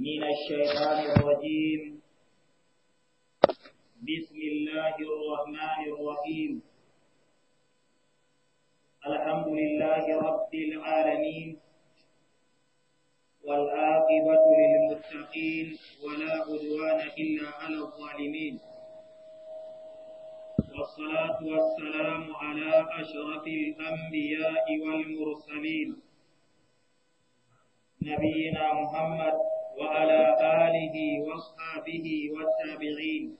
من الشيطان الرجيم بسم الله الرحمن الرحيم الحمد لله رب العالمين والآقبة للمتقين ولا عدوان إلا على الظالمين والصلاة والسلام على أشرف الأنبياء والمرسلين نبينا محمد وعلى آله وصحبه والتابعين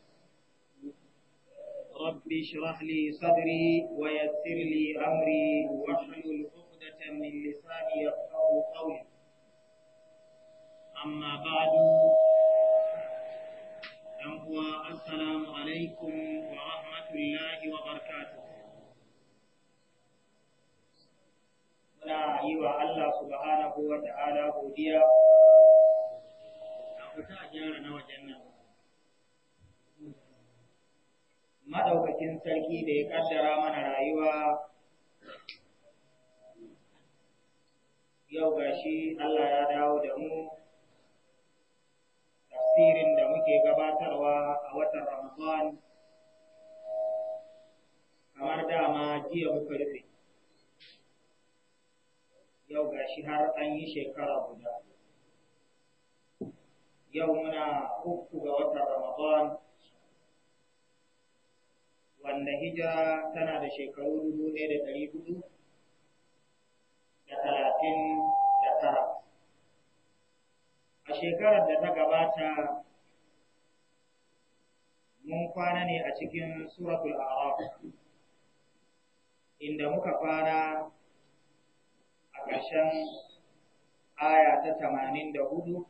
رب اشرح لي صدري ويسر لي أمري واحلل عقدة من لساني يفقه قولي أما بعد أهوى السلام عليكم ورحمة الله وبركاته Muna yi wa Allah subhanahu wa ta'ala godiya fita gyara na wajen nan madaukakin sarki da ya kaddara mana rayuwa yau gashi Allah ya dawo da mu tafsirin da muke gabatarwa a watan Ramadan kamar dama jiya muka rufe yau gashi har an yi shekara guda yau muna uku ga watan Ramadan wanda hijira tana da shekaru dubu ɗaya da ɗari hudu da talatin da tara. A shekarar da ta gabata mun kwana ne a cikin suratul A'raf inda muka kwana a ƙarshen aya ta tamanin da hudu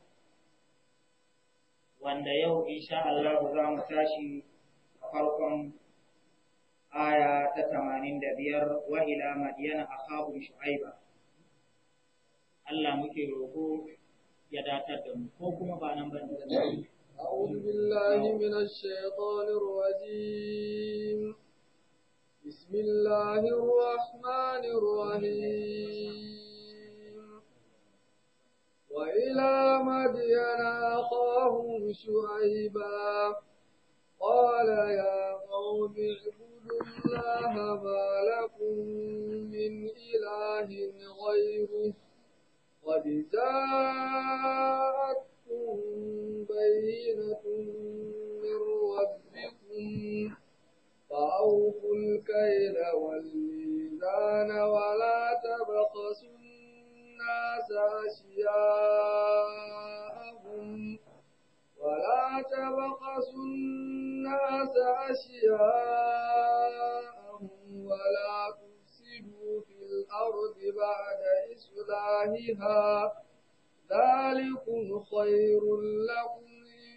wanda yau insha Allah za mu tashi a farkon aya ta tamanin da biyar wa ila madiyana akhahu shu'aiba Allah muke roƙo ya datar da mu ko kuma ba nan ban da أعوذ بالله من الشيطان الرجيم بسم الله الرحمن الرحيم وإلى مدين أخاهم شعيبا قال يا قوم اعبدوا الله ما لكم من إله غيره قد جاءتكم بينة من ربكم فأوفوا الكيل والميزان ولا تبخسوا الناس أشياءهم ولا تبخسوا الناس أشياءهم ولا تفسدوا في الأرض بعد إصلاحها ذلكم خير لكم إن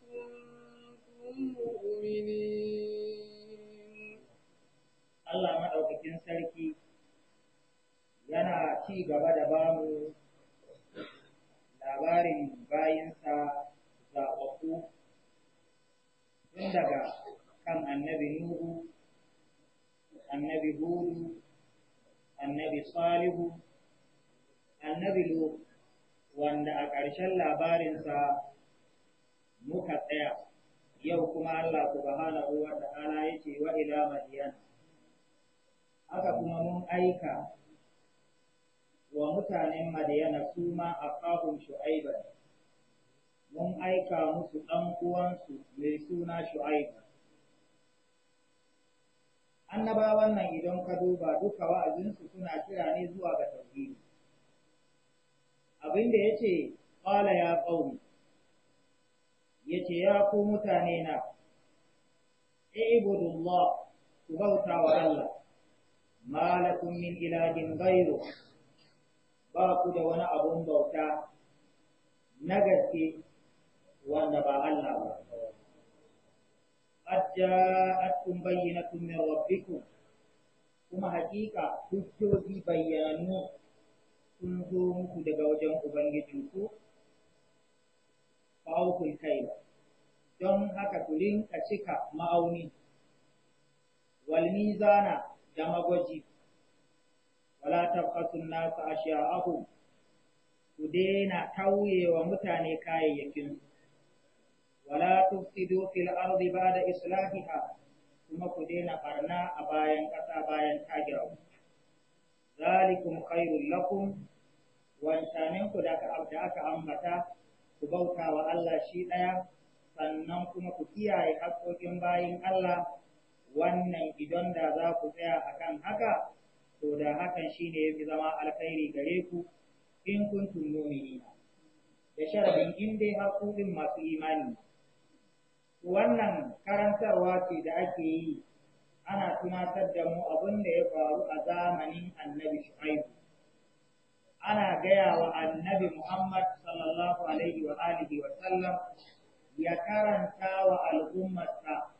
كنتم مؤمنين الله ما أوكي سلكي yana ci gaba da bamu labarin bayansa zaɓaɓɓu tun daga kan annabi Nuhu, annabi Hudu, annabi Salihu, annabi Lu, wanda a ƙarshen labarinsa muka tsaya, yau kuma Allah subhanahu wa ta'ala ya ce wa ila Madiyan. Haka kuma mun aika wa mutanen Madiyana su ma a kahun Shu'aiban, mun aika musu ɗan uwansu mai suna Shu'aiba. Annaba nan idan ka duba duka wa'azinsu suna kira ne zuwa ga tauhidi. Abinda da ya ce, ƙwala ya ƙauni, ya ce, ya ku mutane na, ibudullah ku bauta wa Allah, malakun min iladin gairu. ba ku da wani abun bauta na gaske wanda ba Allah ba. Ajja'atkum bayyinatun min rabbikum kuma hakika hujjoji bayyanu sun zo muku daga wajen Ubangijinku ku kai ba. don haka ku rinka cika ma'auni wal zana da magwaji wala tabqasun a ashya'ahum ku daina tauyewa mutane kayayyakin wala tufsidu fil ardi ba'da islahiha kuma ku daina barna a bayan ƙasa bayan ta gyaru zalikum khairul lakum wancanin ku da aka ambata ku bauta wa Allah shi ɗaya sannan kuma ku kiyaye haƙƙoƙin bayin Allah wannan idan da za ku tsaya akan haka to da hakan shine yafi zama alkhairi gare ku in kuntum mu'minina da sharadin in dai har masu imani wannan karantarwa ce da ake yi ana tunatar da mu abin da ya faru a zamanin annabi shu'aibu ana gaya wa annabi muhammad sallallahu alaihi wa alihi wa sallam ya karanta wa al'ummarsa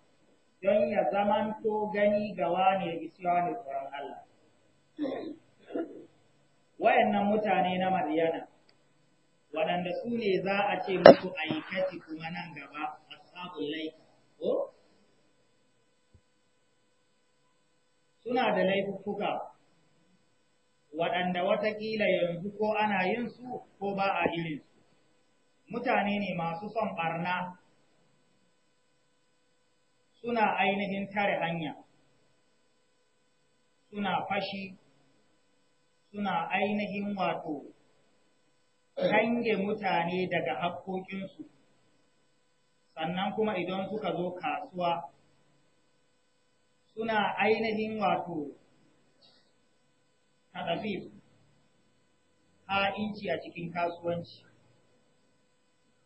don ya zamanto gani ga ne isyanin tsoron Allah Wayannan mutane na Maryana, waɗanda su ne za a ce musu aikati kuma nan gaba a sabon laifi, ko? Suna da laifuka waɗanda watakila yanzu ko ana yin su ko ba a irin su. Mutane ne masu son ɓarna suna ainihin tare hanya, suna fashi, suna ainihin wato hange mutane daga haƙoƙinsu sannan kuma idan suka zo kasuwa suna ainihin wato haɗafif ha'inci a cikin kasuwanci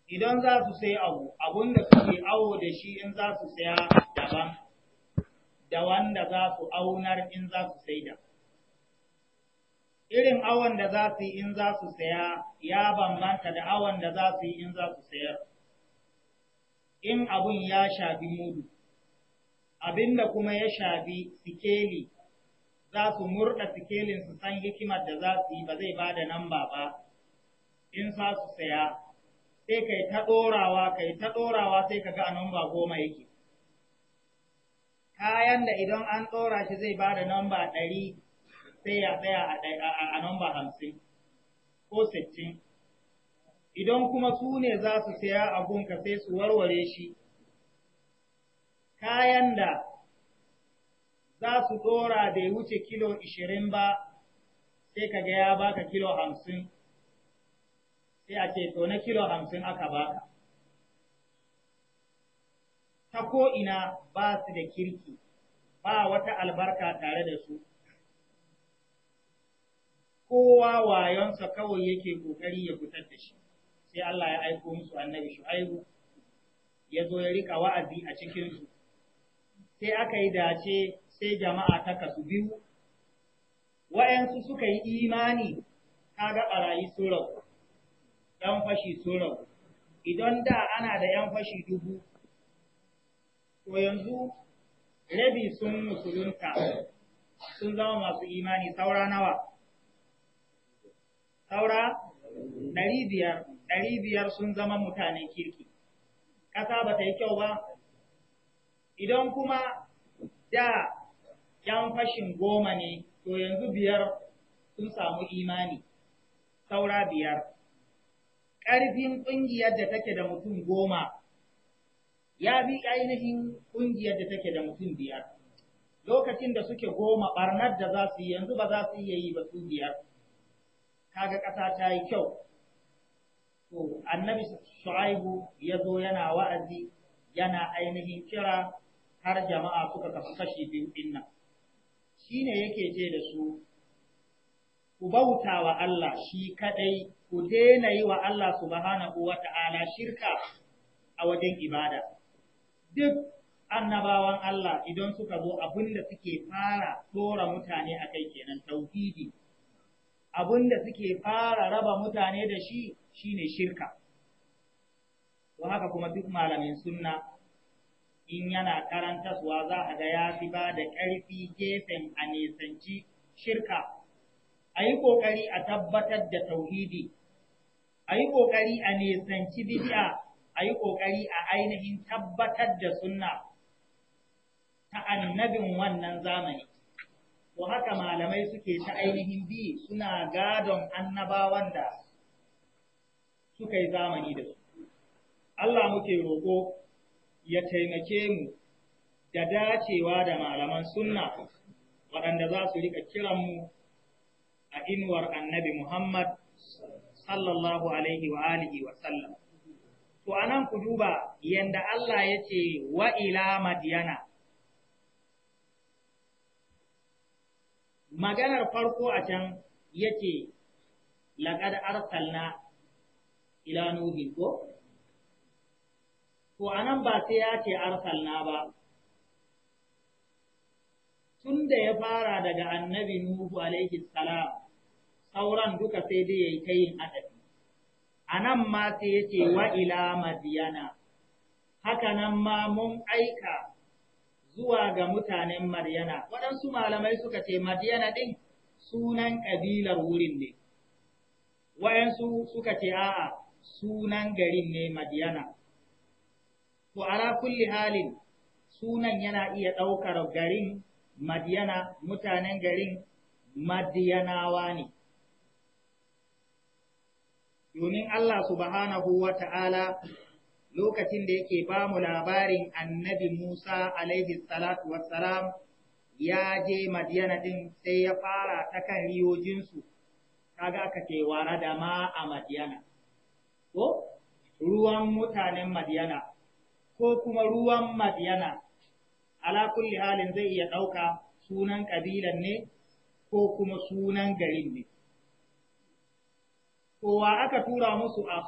idan za su sai abu abun da suke awo da shi in za su saya daban da wanda za su aunar in za su sai daban irin awon da za su yi in za su saya ya bambanta da awon da za su yi in za su sayar in abun ya shafi mudu abin da kuma ya shafi sikeli za su murda sikelin su san hikimar da za su yi ba zai ba da namba ba in za su saya sai kai ta ɗorawa kai ta ɗorawa sai ka ga a namba goma yake kayan da idan an ɗora shi zai ba da namba ɗari sai ya tsaya a namba hamsin ko sittin. Idan kuma su ne za su saya ka sai su warware shi, kayan da za su ɗora bai wuce kilo ishirin ba, sai ka ga ya baka kilo hamsin, sai a ce to na kilo hamsin aka baka. Ta ko'ina ba su da kirki, ba wata albarka tare da su. kowa wayonsa kawai yake kokari ya fitar da shi sai Allah ya aiko musu annabi Shu'aibu ya zo ya rika wa'azi a cikin su sai aka yi dace sai jama'a ta kasu biyu wayansu suka yi imani kaga barayi sura dan yan fashi sura idan da ana da yan fashi dubu to yanzu rabi sun musulunta sun zama masu imani saura nawa saura ɗari biyar ɗari biyar sun zama mutane kirki ƙasa ba ta yi kyau ba idan kuma da yan fashin goma ne to yanzu biyar sun samu imani saura biyar ƙarfin ƙungiyar da take da mutum goma ya bi ainihin ƙungiyar da take da mutum biyar. Lokacin da suke goma ɓarnar da za su yi yanzu ba za su iya yi ba su biyar. kaga ƙasa ta yi kyau to annabi shu'aibu ya zo yana wa'azi yana ainihin kira har jama'a suka kafa kashi biyu din nan ne yake ce da su ku bauta wa Allah shi kaɗai ku daina yi wa Allah su wa ta'ala shirka a wajen ibada duk annabawan Allah idan suka zo abin da suke fara tora mutane a kai kenan tauhidi abin da suke fara raba mutane da shi shi ne shirka. Don haka kuma duk malamin sunna in yana karantaswa za a ga ya fi ba da ƙarfi gefen a nesanci shirka. A yi ƙoƙari a tabbatar da tauhidi, a yi ƙoƙari a nesanci bid'a, a yi ƙoƙari a ainihin tabbatar da sunna ta annabin wannan zamani. to haka malamai suke ta ainihin bi suna gadon annabawan da suka yi zamani da su. Allah muke roƙo ya taimake mu da dacewa da malaman sunna waɗanda za su riƙa mu a inuwar annabi Muhammad sallallahu alaihi wa alihi wa sallam. To anan ku duba yanda Allah ya ce wa ila madiyana maganar farko a can yake laqad arsalna ila nuhi ko to anan ba sai ya ce arsalna ba tun da ya fara daga annabi Nuhu alaihi salam sauran duka sai dai ya yi ta yin adabi. A nan ma sai ya ce wa ila madiyana, haka nan ma mun aika zuwa ga mutanen Maryana, Waɗansu malamai suka ce Madiyana ɗin sunan ƙabilar wurin ne, waɗansu suka ce a'a sunan garin ne Madiyana. To, ala kulli halin sunan yana iya ɗaukar garin Madiyana, mutanen garin Madiyanawa ne. Domin Allah subhanahu wa ta'ala lokacin da yake ba mu labarin annabi Musa alaihi salatu wassalam ya je Madiyana din sai ya fara ta kan riyojinsu, kaga aka ce wara da ma a Madiyana, ko ruwan mutanen Madiyana, ko kuma ruwan Madiyana, ala kulli halin zai iya ɗauka sunan ƙabilan ne ko kuma sunan garin ne. Kowa aka tura musu a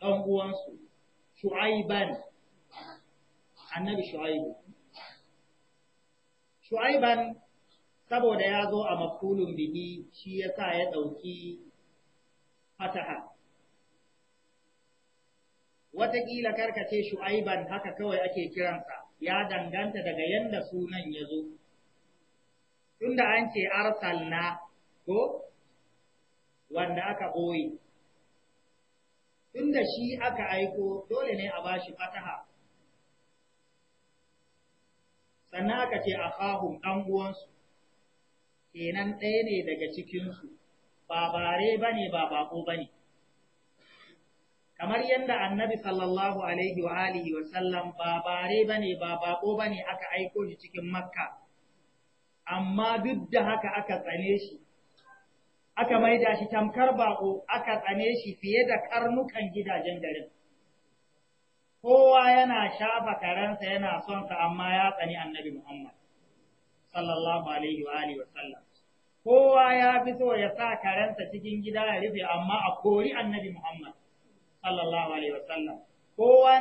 ɗan uwansu shu'aiban annabi shu'aibu shu'aiban saboda ya zo a mafulun bihi shi ya sa ya ɗauki fataha Wataƙila karkace shu'aiban haka kawai ake kiransa ya danganta daga yadda sunan ya zo tunda an ce arsalna ko wanda aka ɓoye tunda shi aka aiko dole ne a bashi fataha sannan aka ce a kahun ɗan uwansu kenan ɗaya ne daga cikinsu ba bare ba ne ba bako ba ne kamar yadda annabi sallallahu alaihi wa alihi wa sallam ba bare ba ne ba bako ba ne aka aiko shi cikin makka amma duk da haka aka tsane shi aka maida shi tamkar baƙo aka tsane shi fiye da karnukan gidajen garin kowa yana shafa karensa yana son sa amma ya tsani annabi Muhammad sallallahu alaihi wa alihi wasallam kowa ya fi so ya sa karensa cikin gida ya rufe amma a kori annabi Muhammad sallallahu alaihi wasallam kowa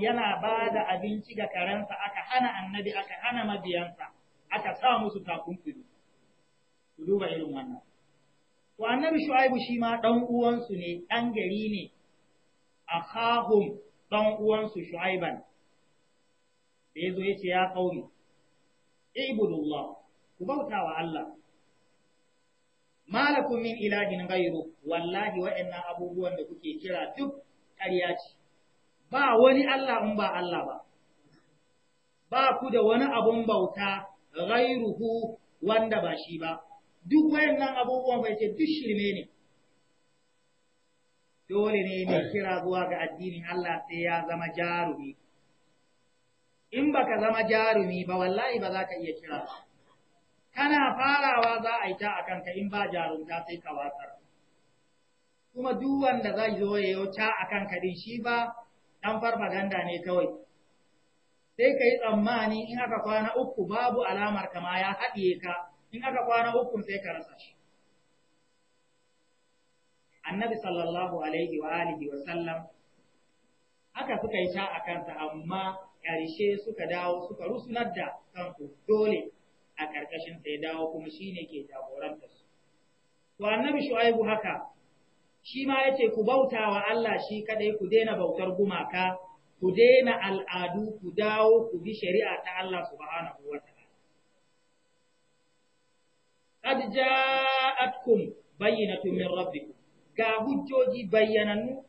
yana ba da abinci ga karensa aka hana annabi aka hana mabiyansa aka sa musu takunkumi ku duba irin wannan wa annabi shu'aibu shi ma dan uwansu ne dan gari ne akhahum dan uwansu shu'aiban da ya yace ya qaumi ibudullah ku bauta wa Allah malakum min ilahin ghairu wallahi wa'annan abubuwan da kuke kira duk ƙarya ce ba wani Allah in ba Allah ba ba ku da wani abun bauta ghairuhu wanda ba shi ba duk wayannan abubuwan bai ce duk shirme ne dole ne mai kira zuwa ga addinin Allah sai ya zama jarumi in baka zama jarumi ba wallahi ba za ka iya kira kana farawa za a yi ta a kanka in ba jarumta sai ka watsar kuma duk wanda zai zo ya yi ta a kanka din shi ba dan farfaganda ne kawai sai ka yi tsammani in aka kwana uku babu alamar kama ya haɗiye ka in aka kwana ukun sai ka rasa shi annabi sallallahu alaihi wa alihi wa sallam haka suka yi sha a kansa amma ƙarshe suka dawo suka rusunar da kanku dole a ƙarƙashin sai dawo kuma shine ke jagorantar su to annabi shu'aibu haka shi ma yace ku bauta wa Allah shi kaɗai ku daina bautar gumaka ku daina al'adu ku dawo ku bi shari'a ta Allah subhanahu wa ta'ala qad ja'atkum bayyinatu min rabbikum ga hujjoji bayyananu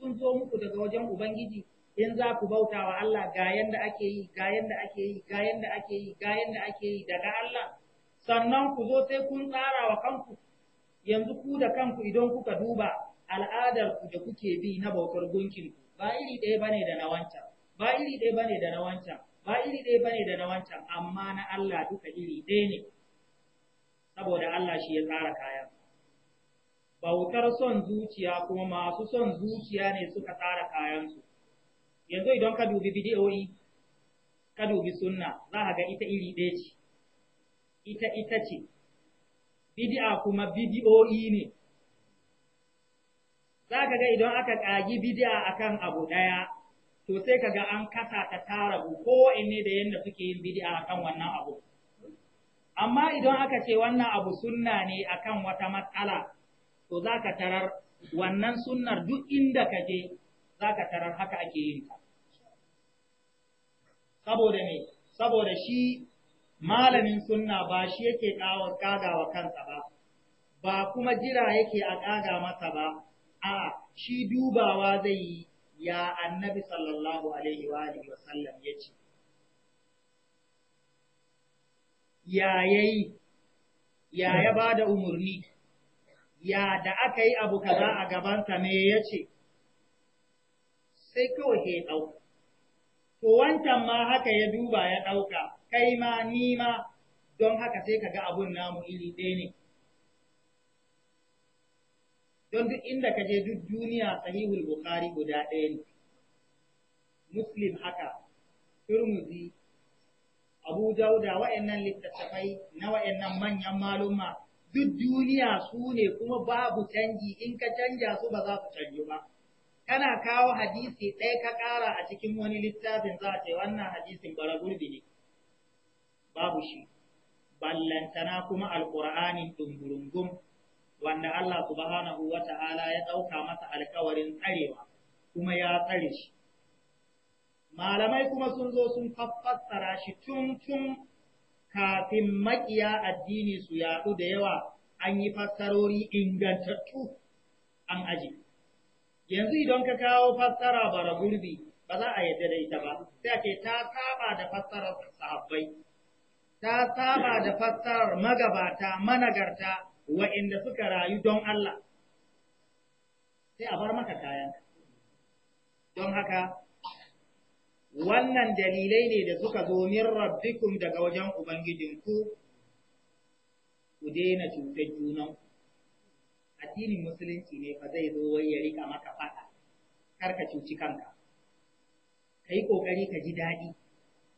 sun zo muku daga wajen ubangiji in za ku bauta wa Allah ga yanda ake yi ga yanda ake yi ga yanda ake yi ga yanda ake yi daga Allah sannan ku zo sai kun tsara wa kanku yanzu ku da kanku idan kuka duba al'adar ku da kuke bi na bautar gunkin ku ba iri ɗaya bane da na wancan ba iri ɗaya bane da na wancan ba iri ɗaya bane da na wancan amma na Allah duka iri ɗaya ne saboda Allah shi ya tsara kayan. Bautar son zuciya kuma masu son zuciya ne suka tsara kayansu. Yanzu idan ka dubi bidiyoyi, ka dubi sunna, za ka ga ita iri ɗaya ce, ita ita ce, bidi'a kuma bidiyoyi ne. Za ka ga idan aka ƙagi bidi'a akan abu ɗaya, to sai ka ga an kasa ta tara ko ne da yadda suke yin bidi'a akan wannan abu. amma idan aka ce wannan abu sunna ne akan wata matsala to za ka tarar wannan sunnar duk inda ka je za ka tarar haka ake yin ta saboda ne saboda shi malamin sunna ba shi yake kagawa kansa ba ba kuma jira yake a kaga masa ba a shi dubawa zai yi ya annabi sallallahu alaihi wa alihi ya ce. yace ya yayi ya ya ba da umarni ya da aka yi abu kaza a gabansa me ya ce sai kawai ya ɗauka. to wancan ma haka ya duba ya ɗauka kai ma ni ma don haka sai ka ga abun namu iri ɗaya ne don duk inda ka je duk duniya sahihul bukhari guda ɗaya ne muslim haka turmuzi abu dauda wa'annan littattafai na wa'annan manyan malumma duk duniya su ne kuma babu canji in ka canja su ba za su canju ba kana kawo hadisi ɗaya ka ƙara a cikin wani littafin za a ce wannan hadisin bara gurbi ne babu shi ballantana kuma alƙur'ani dungurungun wanda Allah subhanahu wa ta'ala ya ɗauka masa alƙawarin tsarewa kuma ya tsare shi malamai kuma sun zo sun fassara shi tun tun kafin makiya addini su yaɗu da yawa an yi fassarori ingantattu an aji. Yanzu idan ka kawo fassara bara gurbi ba za a yadda da ita ba, sai ake ta saba da fassarar sahabbai, ta saba da fassarar magabata, managarta, wa'inda suka rayu don Allah. Sai a bar maka kayanka. Don haka, wannan dalilai ne da suka zo min rabbikum daga wajen ubangijinku ku daina cutar junan addinin musulunci ne fa zai zo wai ya rika maka faɗa kar ka cuci kanka kai kokari ka ji daɗi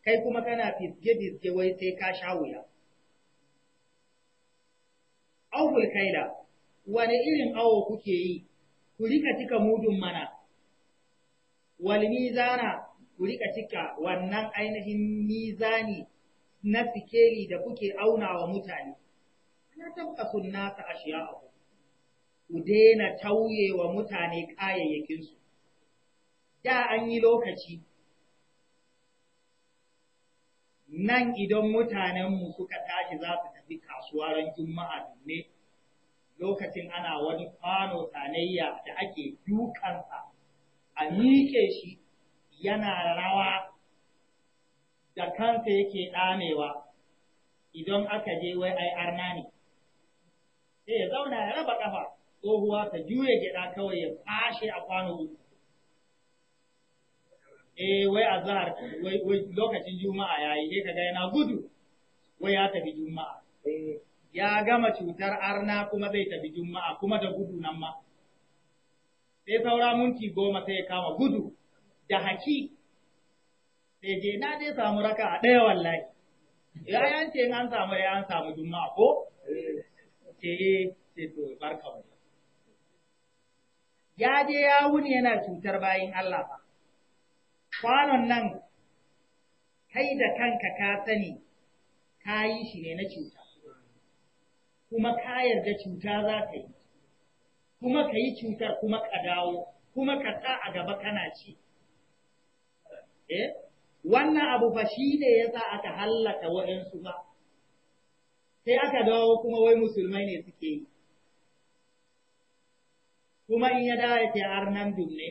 kai kuma kana fisge fisge wai sai ka sha wuya awul kaila wani irin awo kuke yi ku rika cika mudun mana wal mizana ku rika cika wannan ainihin mizani na sikeli da kuke auna wa mutane na sun nasa ashiya'ahu ku daina tauye wa mutane kayayyakinsu da an yi lokaci nan idan mutanenmu suka tashi za su tafi kasuwa ran juma'a lokacin ana wani kwano sanayya da ake dukansa a miƙe shi yana rawa da kansa yake ɗamewa idan aka je wai ai arna ne. Sai ya zauna ya raba ƙafa tsohuwa ta juya gyaɗa kawai ya fashe a kwano Eh wai a zahar wai lokacin juma'a ya yi ka ga yana gudu wai ya tafi juma'a. Eh. Ya gama cutar arna kuma zai tafi juma'a kuma da gudu nan ma. Sai saura minti goma sai ya kama gudu da haki sai eh, je na je samu raka a ɗaya wallahi ya yance an samu ya an samu juma'a ko ce eh, ce to barka mu ya je ya wuni yana cutar bayin Allah ba kwanon nan kai da kanka ka sani ka yi shi ne na cuta kuma ka yarda cuta za ka yi kuma ka yi cutar kuma ka dawo kuma ka sa a gaba kana ci Eh? wannan abu fa shi ne ya sa aka hallaka waɗansu ba, sai aka dawo kuma wai musulmai ne suke yi, kuma in ya dawo ya ar arnan dumne.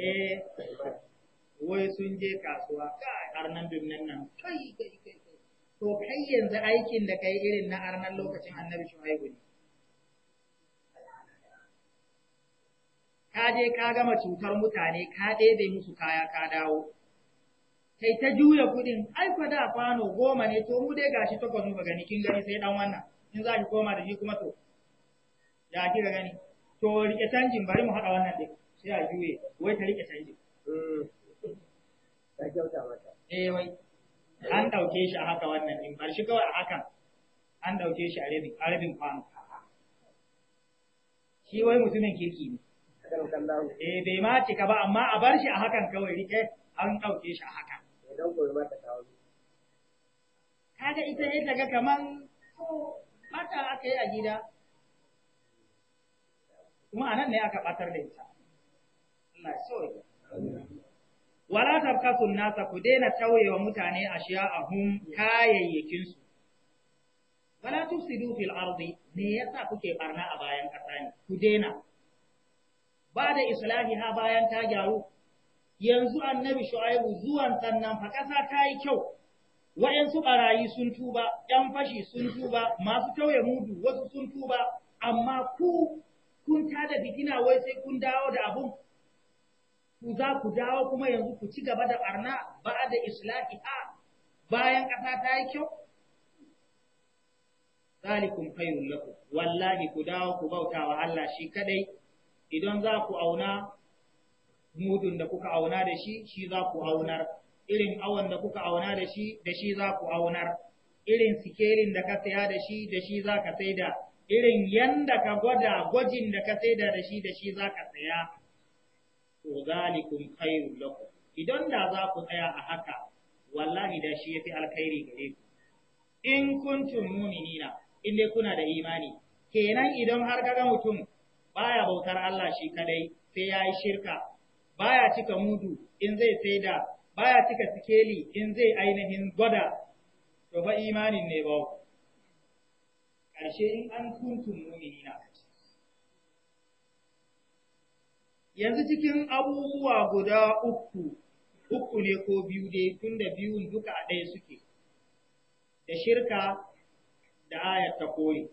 Eh, wai sun je kasuwa, kai arnan dumnen nan, kai kai kai, to kai yanzu aikin da kai irin na kai, lokacin annabi kai, ne. ka je ka gama cutar mutane ka ɗebe musu kaya ka dawo kai ta juya kuɗin ai fa da kwano goma ne to mu dai gashi takwas muka gani kin gani sai dan wannan in za ki koma da shi kuma to ya ga gani to rike canjin bari mu haɗa wannan ɗin sai a juye wai ta rike canjin mm. ta kyauta mata eh wai an ɗauke shi a haka wannan ɗin bar shi kawai a hakan an ɗauke shi a rabin kwano shi wai mutumin kirki ne Eh bai ma cika ba amma a bar shi a hakan kawai rike an ɗauke shi a hakan. Eh, Kaga ita ya daga kaman mata aka yi a gida. Kuma a nan ne aka ɓatar da ita. Allah so Wala tabkasun nasa ku daina tauye wa mutane a ashiya a hun kayayyakinsu. Wala tufsidu fil ardi me yasa kuke barna a bayan ƙasa ne ku daina. ba da ha bayan ta gyaru yanzu annabi shu'aibu zuwan sannan fa ƙasa ta yi kyau waɗansu ɓarayi sun tuba ‘yan fashi sun tuba masu tauye mudu wasu sun tuba amma ku kun tada fitina wai sai kun dawo da abun ku za ku dawo kuma yanzu ku ci gaba da barna ba da ha bayan ƙasa ta yi kyau zalikum khairul lakum wallahi ku dawo ku bauta wa Allah shi kadai idan za ku auna mudun da kuka auna da shi shi za ku aunar irin awon da kuka auna da shi da shi za ku aunar irin sikelin da ka saya da shi da shi za ka saida irin yanda ka gwada gwajin da ka saida da shi da shi za ka saya to zalikum khairu lakum idan da za ku tsaya a haka wallahi da shi yafi alkhairi gare ku in kuntum mu'minina in dai kuna da imani kenan idan har ka ga mutum baya bautar Allah shi kadai sai ya yi shirka baya cika mudu in zai saida baya cika sikeli in zai ainihin gwada to ba imanin ne ba ƙarshe in an kuntum mu'minina yanzu cikin abubuwa guda uku uku ne ko biyu dai tun da biyun duka a ɗaya suke da shirka da ayat ta koyi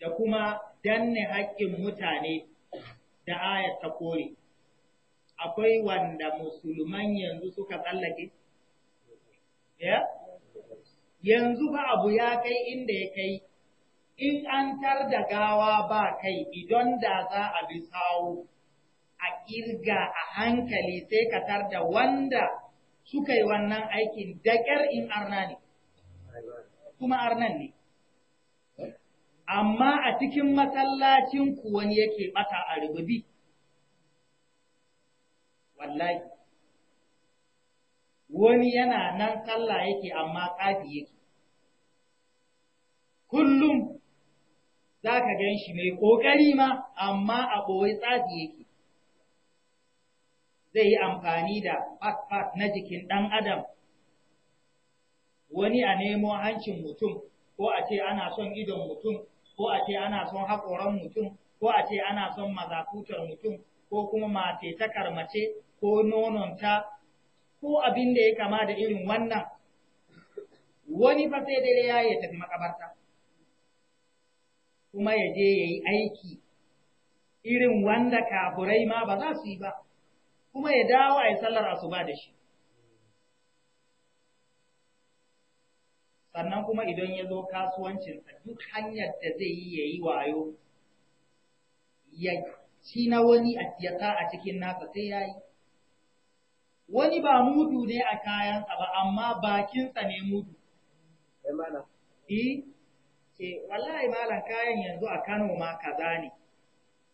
da kuma danne haƙƙin mutane da ayat ta kore, akwai wanda musulman yanzu suka tsallake? Ya? Yanzu ba abu ya kai inda ya kai, in an tar da gawa ba kai idan da za a bi sawo, a ƙirga a hankali sai ka tar da wanda suka yi wannan aikin daƙar in arna ne, kuma arnan ne. amma a cikin masallacin ku wani yake bata a rububi wallahi wani yana nan sallah yake amma tsafi yake kullum za ka gan shi mai ƙoƙari ma amma a ɓoye tsafi yake zai yi amfani da fat-fat na jikin ɗan adam wani a nemo hancin mutum ko a ce ana son idon mutum ko a ce ana son haƙoran mutum ko a ce ana son mazakutar mutum ko kuma mace ta karmace ko nononta ko abin da ya kama da irin wannan wani fa sai dare ya ya tafi makabarta kuma ya je ya yi aiki irin wanda kafurai ma ba za su yi ba kuma ya dawo a yi sallar asuba da shi sannan kuma idan ya zo kasuwancinsa duk hanyar da zai yi ya yi wayo ya ci na wani ya sa a cikin nasa sai ya yi wani ba mudu ne a kayansa ba amma bakinsa ne mudu eh wallahi malam kayan yanzu a Kano ma kaza ne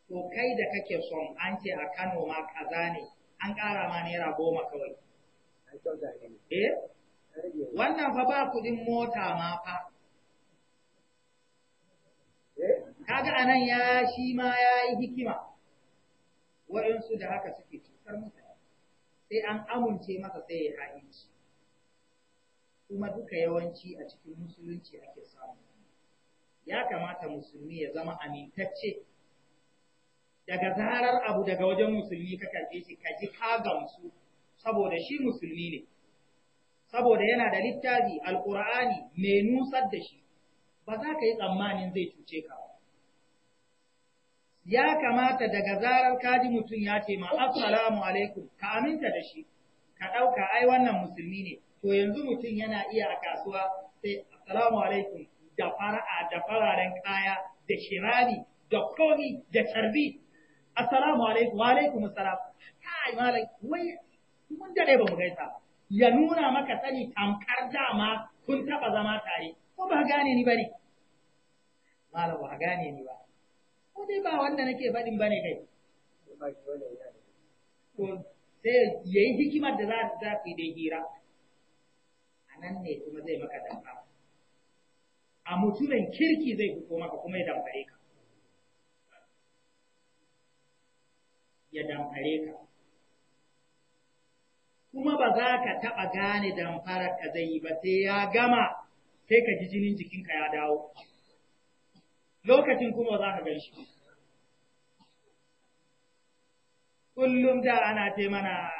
to kai da kake son an ce a Kano ma kaza ne an ƙara ma naira goma kawai eh Wannan fa ba kuɗin mota ma fa. Eh? Kaga anan ya shi ma ya yi hikima, waɗansu da haka suke cutar mutane, sai an amince masa sai ya ha'inci. Kuma duka yawanci a cikin musulunci ake samu. Ya kamata musulmi ya zama amintacce. daga zarar abu daga wajen musulmi ka karɓe shi ka ji ka gamsu saboda shi musulmi ne saboda yana da littafi alqur'ani mai nusar da shi ba za ka yi tsammanin zai cuce ka ba ya kamata daga zarar kaji mutum ya ce ma assalamu alaikum ka aminta da shi ka ɗauka ai wannan musulmi ne to yanzu mutum yana iya a kasuwa sai assalamu alaikum da fara'a da fararen kaya da shirani da komi da tarbi assalamu alaikum wa alaikum assalam kai malai wai mun dade ba mu gaisa ba ya nuna maka sani tamkar dama kun taba zama tare ko ba gane ni bane malam ba gane ni ba ko dai ba wanda nake faɗin bane kai Ko sai yayi hikimar da za za fi dai hira A nan ne kuma zai maka damfa a mutumin kirki zai fito maka kuma ya damfare ka ya damfare ka kuma ba za ka taɓa gane damfarar ka zai yi ba sai ya gama sai ka ji jinin jikinka ya dawo lokacin kuma za ka gan shi kullum da ana ce mana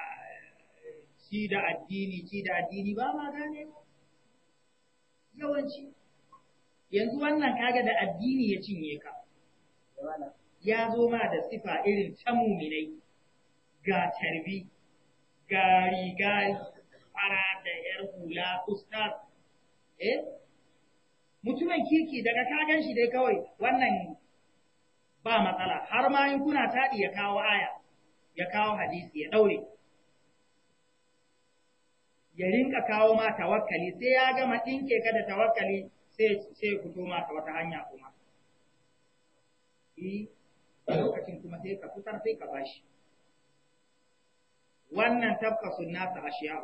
ci da addini ci da addini ba ma gane yawanci yanzu wannan kaga da addini ya cinye ka ya zo ma da sifa irin ta muminai ga tarbi ga riga fara da yar hula ustaz eh mutumin kirki daga kagan shi dai kawai wannan ba matsala har ma in kuna taɗi ya kawo aya ya kawo hadisi ya ɗaure ya rinka kawo ma tawakkali sai ya gama ɗinke ka da tawakkali sai sai fito ma ta wata hanya kuma eh lokacin kuma sai ka fitar sai ka bashi wannan tabka sunna ta ashiya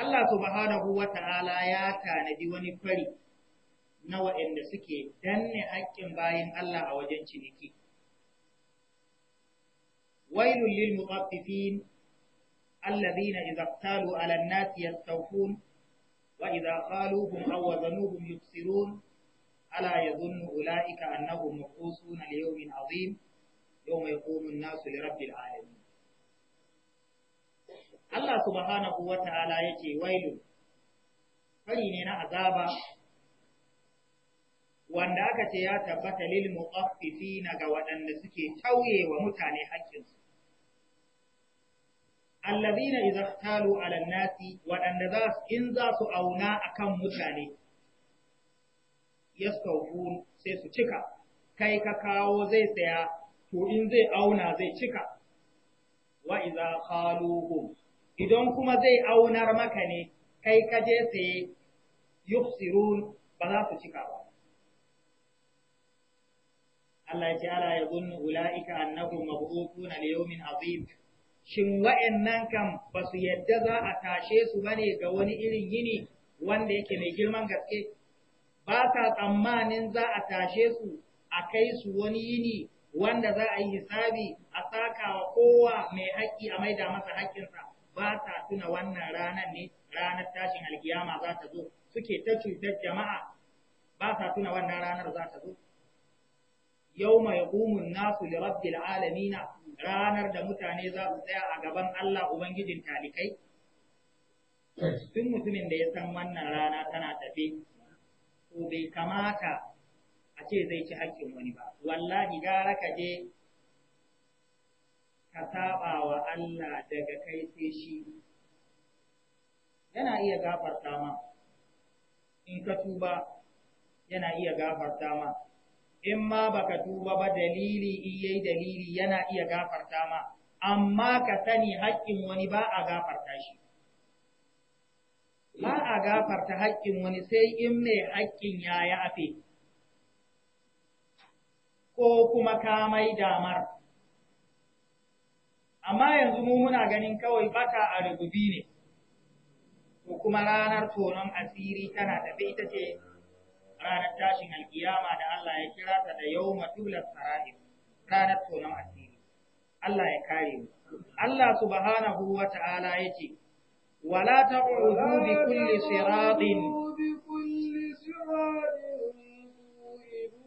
Allah subhanahu wa ta'ala ya tanadi wani fari na waɗanda suke danne haƙƙin bayan Allah a wajen ciniki. Wailul lil muqaffifin alladhina idza qalu 'ala an-nasi yastawfun wa idza qaluhum aw wazanuhum yukhsirun ala yadhunnu ulaika annahum mab'usuna li yawmin 'azim yawma yaqumu an-nasu li rabbil 'alamin. Allah subhanahu wa ta'ala ya ce wailu, fari ne na azaba, wanda aka ce ya tabbata lil muqaffifi na ga waɗanda suke tauye wa mutane haƙƙinsu. Allazina idza ihtalu 'ala nasi waɗanda za su in za su auna akan mutane yastawfun sai su cika kai ka kawo zai tsaya, to in zai auna zai cika wa idza qaluhum idan kuma zai aunar maka ne kai ka je sai yufsirun ba za su cika ba Allah ya ce ala ya zunnu ula'ika annahum mab'utuna li yawmin azim shin wa'annan kam ba su yadda za a tashe su bane ga wani irin yini wanda yake mai girman gaske ba sa tsammanin za a tashe su a kai su wani yini wanda za a yi hisabi a saka wa kowa mai haƙƙi a maida masa haƙƙinsa ba sa tuna wannan ranar ne ranar tashin alkiyama za ta zo suke ta cutar jama'a ba sa tuna wannan ranar za ta zo yawma yaqumun nasu li rabbil alamin ranar da mutane za su tsaya a gaban Allah ubangijin talikai Tun mutumin da ya san wannan rana tana tafe to bai kamata a ce zai ci hakkin wani ba wallahi gara ka je ka saba wa Allah daga kai sai shi yana iya gafarta ma in ka tuba yana iya gafarta ma in ma baka tuba ba dalili iyai dalili yana iya gafarta ma amma ka sani haƙƙin wani ba a gafarta shi ba a gafarta haƙƙin wani sai in mai haƙƙin ya yafe ko kuma ka mai damar amma yanzu mu muna ganin kawai bata a rububi ne ko kuma ranar tonon asiri tana tafi ta ce ranar tashin alkiyama da Allah ya kira ta da yau matular sara'ir ranar tonon asiri Allah ya kare mu Allah subhanahu wa ta'ala ya ce wala taqudu bi kulli siratin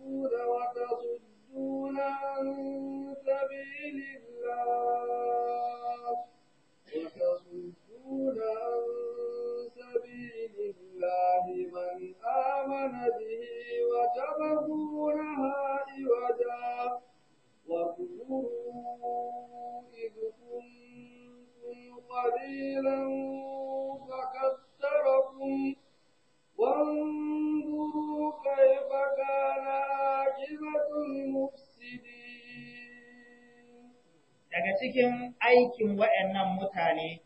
تُرِيدُونَ وَتَصُدُّونَ عَنْ Ɗaliban sama na zi wa taɓa zuwa haɗi wajen, wa ɗuɗu iddukun ƙwabilar wakatar da kun, wani buru kai faɗa mufsidi. Daga cikin aikin waɗannan mutane.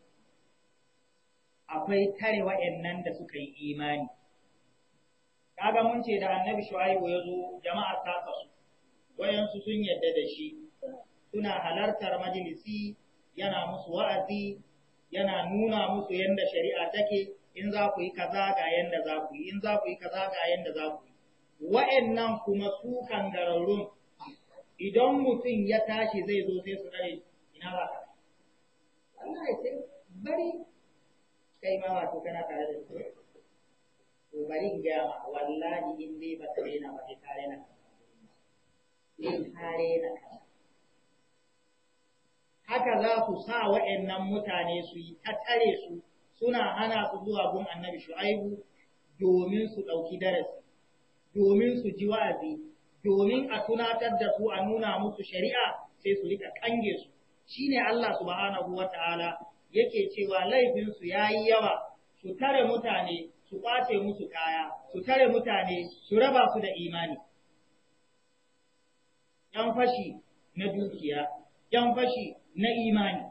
akwai tare wa'annan da suka yi imani kaga mun ce da annabi shu'aibu ya zo jama'a ta kasu wayansu sun yadda da shi suna halartar majalisi yana musu wa'azi yana nuna musu yadda shari'a take in za ku yi kaza ga yadda za ku yi in za ku yi kaza ga yadda za ku yi wa'annan kuma su kangararrun idan mutum ya tashi zai zo sai su dare ina ba ka Allah ya ce bari kai ma wato kana tare da su to bari in gaya ma wallahi in dai ba ta daina ba sai ka daina in tare na haka za su sa wa'annan mutane su yi ta tare su suna hana su zuwa gun annabi shu'aibu domin su ɗauki darasi domin su ji wa'azi domin a tunatar da su a nuna musu shari'a sai su rika kange su shine Allah subhanahu wa ta'ala yake cewa laifinsu ya yi yawa su tare mutane su kwace musu kaya su tare mutane su raba su da imani ‘yan fashi na dukiya ‘yan fashi na imani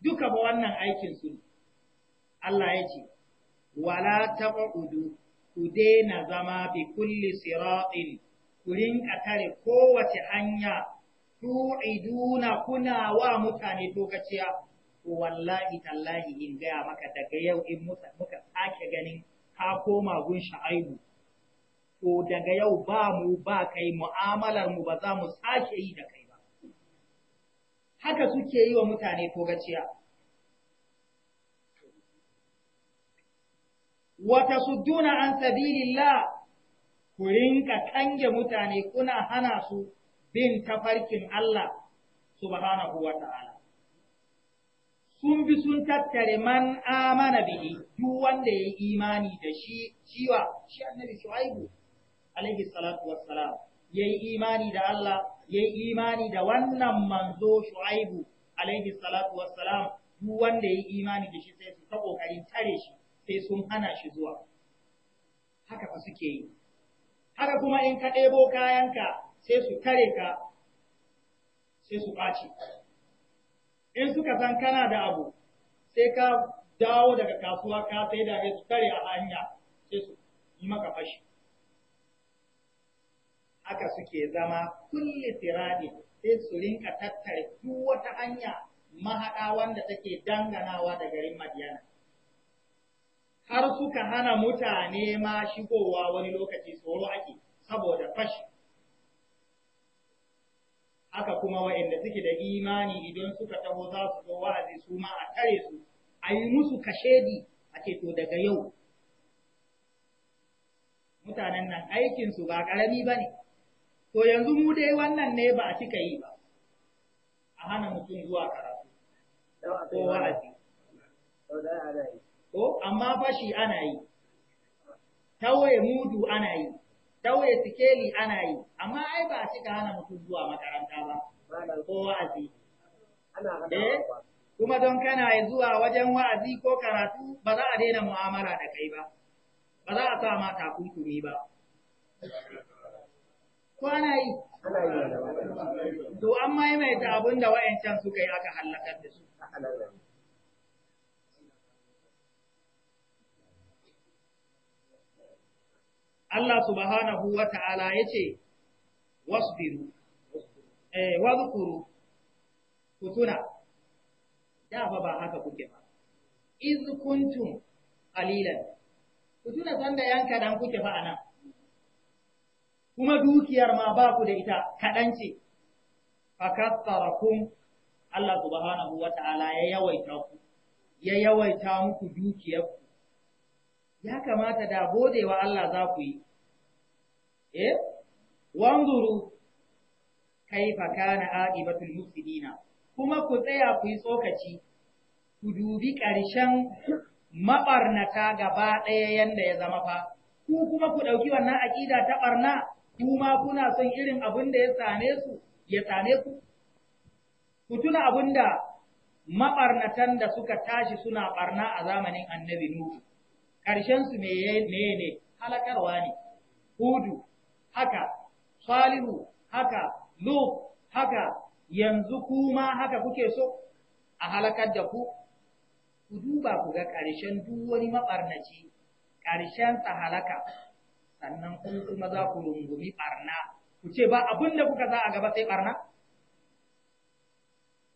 duka ba wannan aikin su Allah ya ce wala taqudu ku daina zama bi kulli siratin ku rinka tare kowace hanya tu'iduna kuna wa mutane tokaciya wallahi tallahi in gaya maka daga yau in muka sake ganin ka koma gun sha'aibu to daga yau ba mu ba kai mu'amalar mu ba za mu sake yi da kai ba haka suke yi wa mutane to gaciya wata suduna an sabilillah ku rinka kange mutane kuna hana su bin tafarkin Allah subhanahu wa ta'ala sun bi sun tattare man amana bihi duk wanda ya yi imani da shi ciwa shi annabi shu'aibu alaihi salatu wassalam ya yi imani da Allah ya yi imani da wannan manzo shu'aibu alaihi salatu wassalam duk wanda ya yi imani da shi sai su ta kokarin tare shi sai sun hana shi zuwa haka fa suke yi haka kuma in ka ɗebo kayanka sai su tare ka sai su ɓaci in suka san kana da abu sai ka dawo daga kasuwa ka sai da su kare a hanya sai su yi maka fashi haka suke zama kulli siradi sai su rinka tattare duk wata hanya mahaɗa wanda take danganawa da garin Madiyana har suka hana mutane ma shigowa wani lokaci tsoro ake saboda fashi haka kuma waɗanda suke da imani idan suka taho za su zo wa'azi su ma a kare su a yi musu kashedi a ce to daga yau mutanen nan aikinsu ba ƙarami ba ne to yanzu mu dai wannan ne ba a cika yi ba a hana mutum zuwa karatu ko wa'azi ko amma fashi ana yi tawaye mudu ana yi Tauye sikeli ana yi, amma ai ba a cika hana mutum zuwa makaranta ba, ko wa'azi. Eh, kuma don kana yi zuwa wajen wa'azi ko karatu ba za a daina mu'amala da kai ba, ba za a sa ma takunkumi ba. Ko ana yi? To, an maimaita abin da wa'ancan suka yi aka hallakar da su. Allah subhanahu wa ta'ala ya ce, Wasbiru, eh, wazukuru, ku tuna, dafa ba haka kuke ba, Izukuntun kuntum qalilan ku tuna sanda yanka dan kuke fa anan, kuma dukiyar ma ba ku da ita kaɗan ce, fakassarakum Allah subhanahu wa ta'ala ya yawaita ku, ya yawaita muku ku. ya kamata da godewa Allah za ku yi. Eh, wanzuru kaifa kana aqibatul mufsidina kuma ku tsaya ku yi tsokaci ku dubi ƙarshen maɓarnata gaba ɗaya yanda ya zama fa ku kuma ku ɗauki wannan aƙida ta ɓarna ku kuma kuna son irin abin da ya same su ya same ku ku tuna abin da maɓarnatan da suka tashi suna ɓarna a zamanin annabi Nuhu ƙarshen su me ne halakarwa ne hudu haka salihu haka Lu, haka yanzu kuma haka kuke so a halakar da ku ku duba ku ga ƙarshen duk wani maɓarnaci ƙarshen ta halaka sannan kun kuma za ku rungumi ɓarna ku ce ba abin da kuka za a gaba sai ɓarna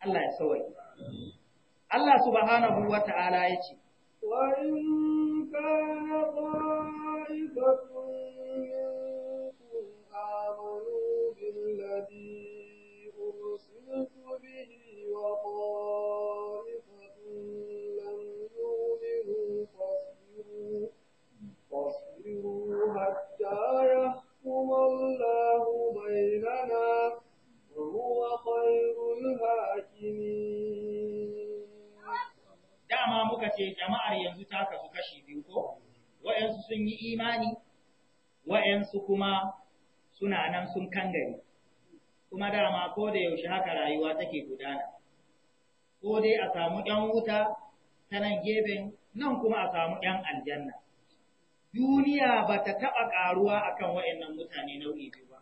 Allah ya sauwaye Allah subhanahu wa ta'ala ya ce كان طائفة منكم آمنوا بالذي أرسلت به وطائفة لم يؤمنوا فاصبروا فاصبروا حتى يحكم الله بيننا وهو خير الحاكمين dama muka ce jama'ar yanzu ta kasu kashi biyu ko wa'yansu sun yi imani wa'yansu kuma suna nan sun kangare kuma dama ko da yaushe haka rayuwa take gudana ko dai a samu ɗan wuta ta nan gefen nan kuma a samu ɗan aljanna duniya ba ta taɓa ƙaruwa akan wa'yannan mutane nau'i biyu ba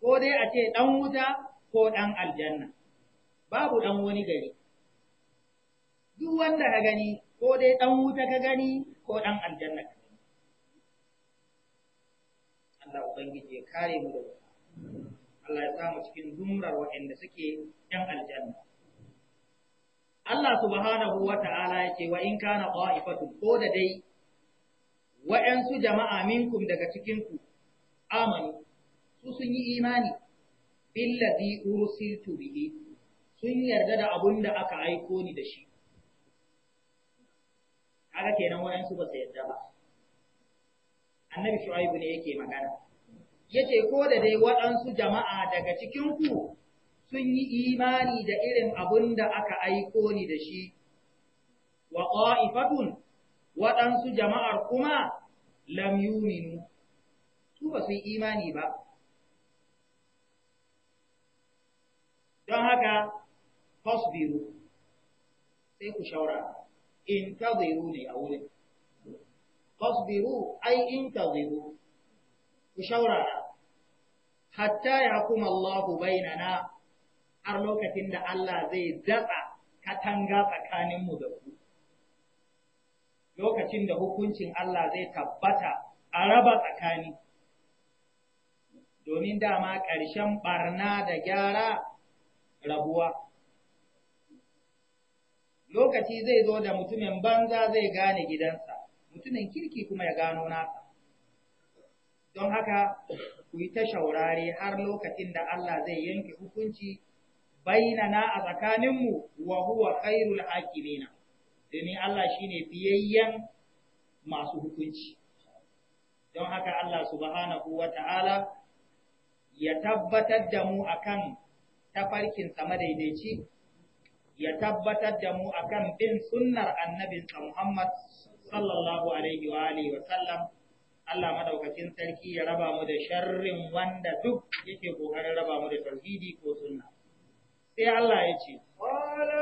ko dai a ce ɗan wuta ko ɗan aljanna babu ɗan wani gari duk wanda ka gani ko dai ɗan wuta ka gani ko ɗan aljanna ka gani Allah ubangiji ya kare mu da wuta Allah ya samu cikin zumrar waɗanda suke ɗan aljanna Allah subhanahu wa ta'ala ya ce wa in kana qa'ifatu ko da dai wa'yansu jama'a minkum daga cikin ku, amanu su sun yi imani billazi ursiltu bihi sun yarda da abun da aka aiko ni da shi kaga kenan su ba su yadda ba annabi shu'aibu ne yake magana yace ko da dai waɗansu jama'a daga cikin ku sun yi imani da irin abun da aka aiko ni da shi wa qa'ifatun waɗansu jama'ar kuma lam yuminu su ba su yi imani ba don haka fasbiru sai ku shaura intaziru ne a wurin fasbiru ai intaziru ku shaurara hatta ya kuma Allah bainana har lokacin da Allah zai datsa katanga tsakaninmu da ku lokacin da hukuncin Allah zai tabbata a raba tsakani domin dama ƙarshen ɓarna da gyara rabuwa lokaci zai zo da mutumin banza zai gane gidansa mutumin kirki kuma ya gano nasa don haka ku yi ta shaurare har lokacin da Allah zai yanke hukunci bainana a tsakaninmu wa huwa khairul hakimina domin Allah shine fiyayyen masu hukunci don haka Allah subhanahu wa ta'ala ya tabbatar da mu akan tafarkin sama daidaici ya tabbatar da mu akan bin sunnar annabinsa Muhammad sallallahu alaihi wa alihi wa sallam Allah madaukakin sarki ya raba mu da sharrin wanda duk yake kokarin raba mu da tauhidi ko sunna sai Allah ya ce qala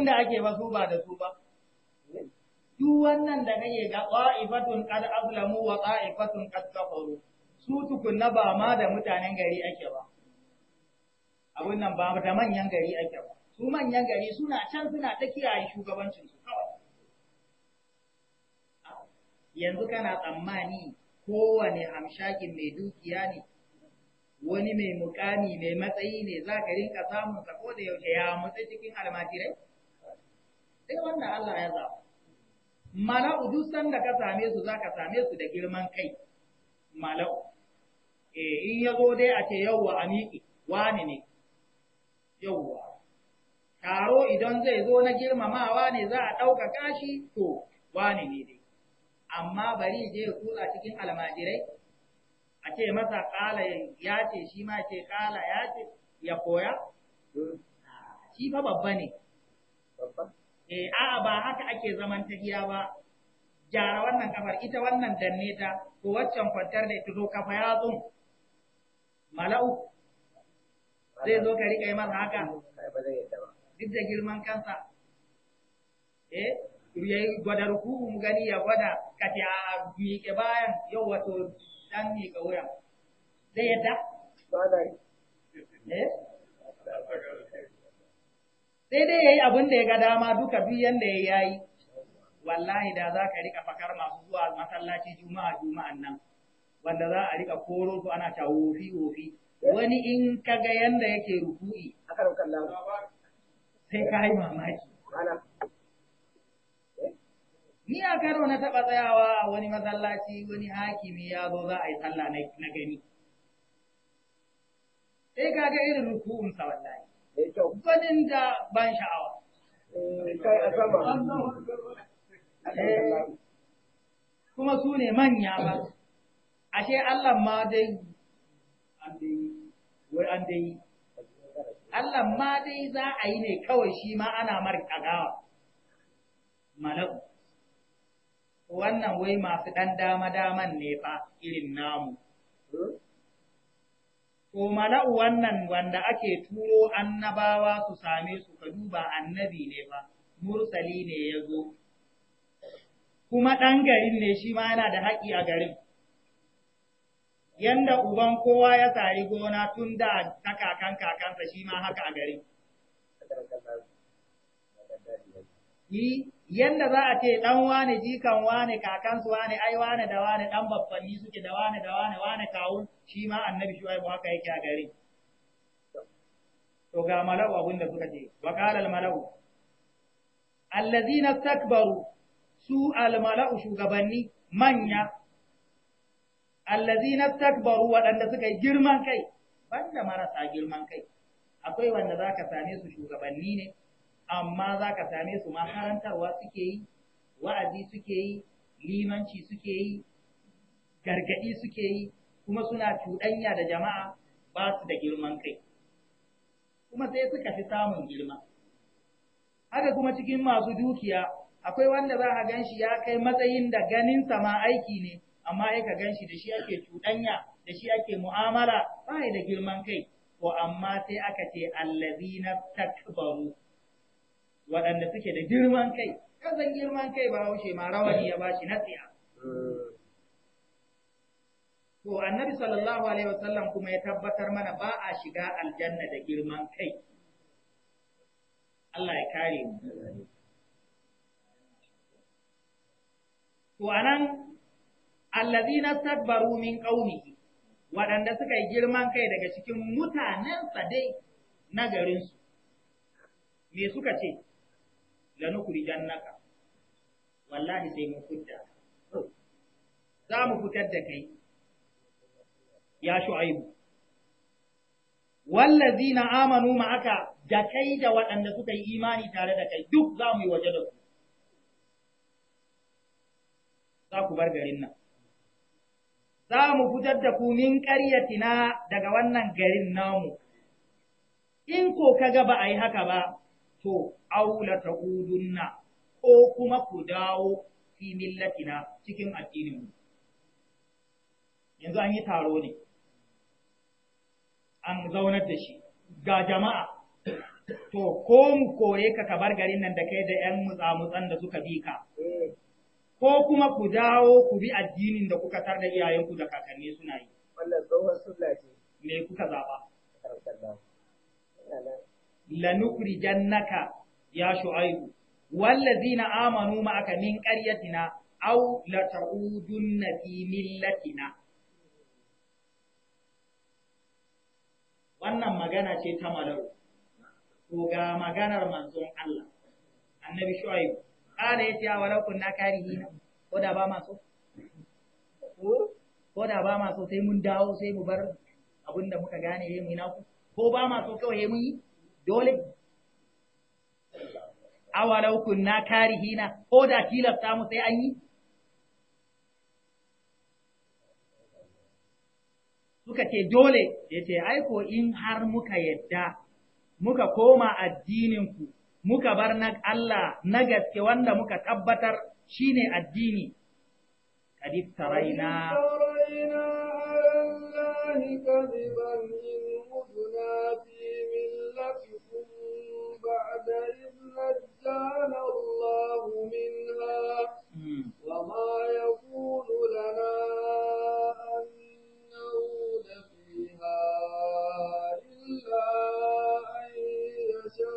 abin da ake ba su ba da su ba duk wannan da kake ga qa'ifatun qad azlamu wa qa'ifatun qad kafaru su na ba ma da mutanen gari ake ba abin nan ba da manyan gari ake ba su manyan gari suna can suna ta kiyaye shugabancinsu kawai yanzu kana tsammani kowane hamshakin mai dukiya ne wani mai mukami mai matsayi ne za ka rinka samun sa ko da yaushe ya mutsi cikin almajirai sai wanda Allah ya zaɓa mala'u duk sanda ka same su zaka same su da girman kai mala'u eh in yazo dai a ce yawwa amiki wani ne yawwa taro idan zai zo na girmama wani za a ɗauka kashi, to wani ne dai amma bari je ya kutsa cikin almajirai a ce masa kala ya ce shi ma ce kala ya ce ya koya shi fa babba ne babba eh a'a ba haka ake zaman tahiya ba gyara wannan kafar ita wannan danne ta ko waccan kwantar da ita zo kafa yatsun mala'u zai zo ka rika yi masa haka duk da girman kansa eh ya yi gwada ruku'u mu gani ya gwada ka ce a miƙe bayan yau wato dan miƙe wuyan zai yadda sai dai yayi abin da ya ga dama duka duk yadda ya yayi wallahi da za ka rika fakar masu zuwa masallaci juma'a juma'an nan wanda za a rika koro su ana ta wofi wofi wani in ka ga yanda yake ruku'i sai ka yi mamaki ni a karo na taɓa tsayawa a wani masallaci wani hakimi ya zo za a yi sallah na gani sai ka ga irin ruku'unsa wallahi Eh, gwanin da ban sha'awa. Eh, eh, kuma su ne manya ba, ashe Allah ma dai an dai Allah ma dai za a yi ne kawai shi ma ana mar kagawa. Malau. Wannan wai masu ɗan dama-daman ne fa irin namu. Hmm? To mala'u wannan wanda ake turo annabawa su same su ka duba annabi ne ba, mursali ne ya zo. Kuma ɗan garin ne shi ma yana da haƙi a garin. Yanda uban kowa ya sari gona tun da ta kakan kakansa shi ma haka a garin. yi yanda za a ce dan wane jikan wane kakan su wane ai wane da wane dan babbanni suke da wane da wane wane kawo shi ma annabi shuaibu haka yake a gare to ga malau abin da suka ce wa qala al malau allazina takbaru su al malau shugabanni manya allazina takbaru waɗanda suka yi girman kai banda marasa girman kai akwai wanda zaka same su shugabanni ne amma za ka same su ma karantarwa suke yi wa'azi suke yi limanci suke yi gargaɗi suke yi kuma suna cuɗanya da jama'a ba su da girman kai kuma sai suka fi samun girma haka kuma cikin masu dukiya akwai wanda za a gan shi ya kai matsayin da ganinsa ma aiki ne amma ya ka gan shi da shi ake cuɗanya da shi ake mu'amala ba da girman kai ko amma sai aka ce allazina takbaru waɗanda suke da girman kai kasan girman kai ba haushe ma rawani ya bashi na tsiya to annabi sallallahu alaihi wasallam kuma ya tabbatar mana ba a shiga aljanna da girman kai Allah ya kare mu to anan na stakbaru min ƙauni waɗanda suka yi girman kai daga cikin mutanensa dai na garinsu me suka ce naka, wallahi sai mun fita. za mu fitar da kai ya shu'aibu wallazina amanu ma'aka da kai da waɗanda suka yi imani tare da kai duk za mu yi waje da su, za ku bar garin nan za mu fitar da ku min ƙaryatina daga wannan garin namu in ko ka ga ba a yi haka ba to aula udunna ko kuma ku dawo fi millatina cikin addininmu yanzu an yi taro ne an zaunar da shi ga jama'a to ko mu kore ka ka bar garin nan da kai da ƴan mutsamutsan da suka bi ka ko kuma ku dawo ku bi addinin da kuka tar da iyayenku da kakanni suna yi wannan tsohon ce me kuka zaba jannaka ya shu'aibu wallazina amanu ma'aka min qaryatina aw lata'udunna fi millatina wannan magana ce ta madaru to ga maganar manzon Allah annabi shu'aib kana yace wa law kunna karihi ko da ba ma so ko da ba ma so sai mun dawo sai mu bar abinda muka gane yayi ina ko ba ma so kawai yayi yi dole awalau kunna karihina ko da tilasta mu sai anyi? yi suka ce dole yace aiko in har muka yadda muka koma addiininku, muka barna Allah na gaske wanda muka tabbatar shine addini kadif taraina in فيكم بعد إذ نجانا الله منها وما يكون لنا أن نعود فيها إلا أن يشاء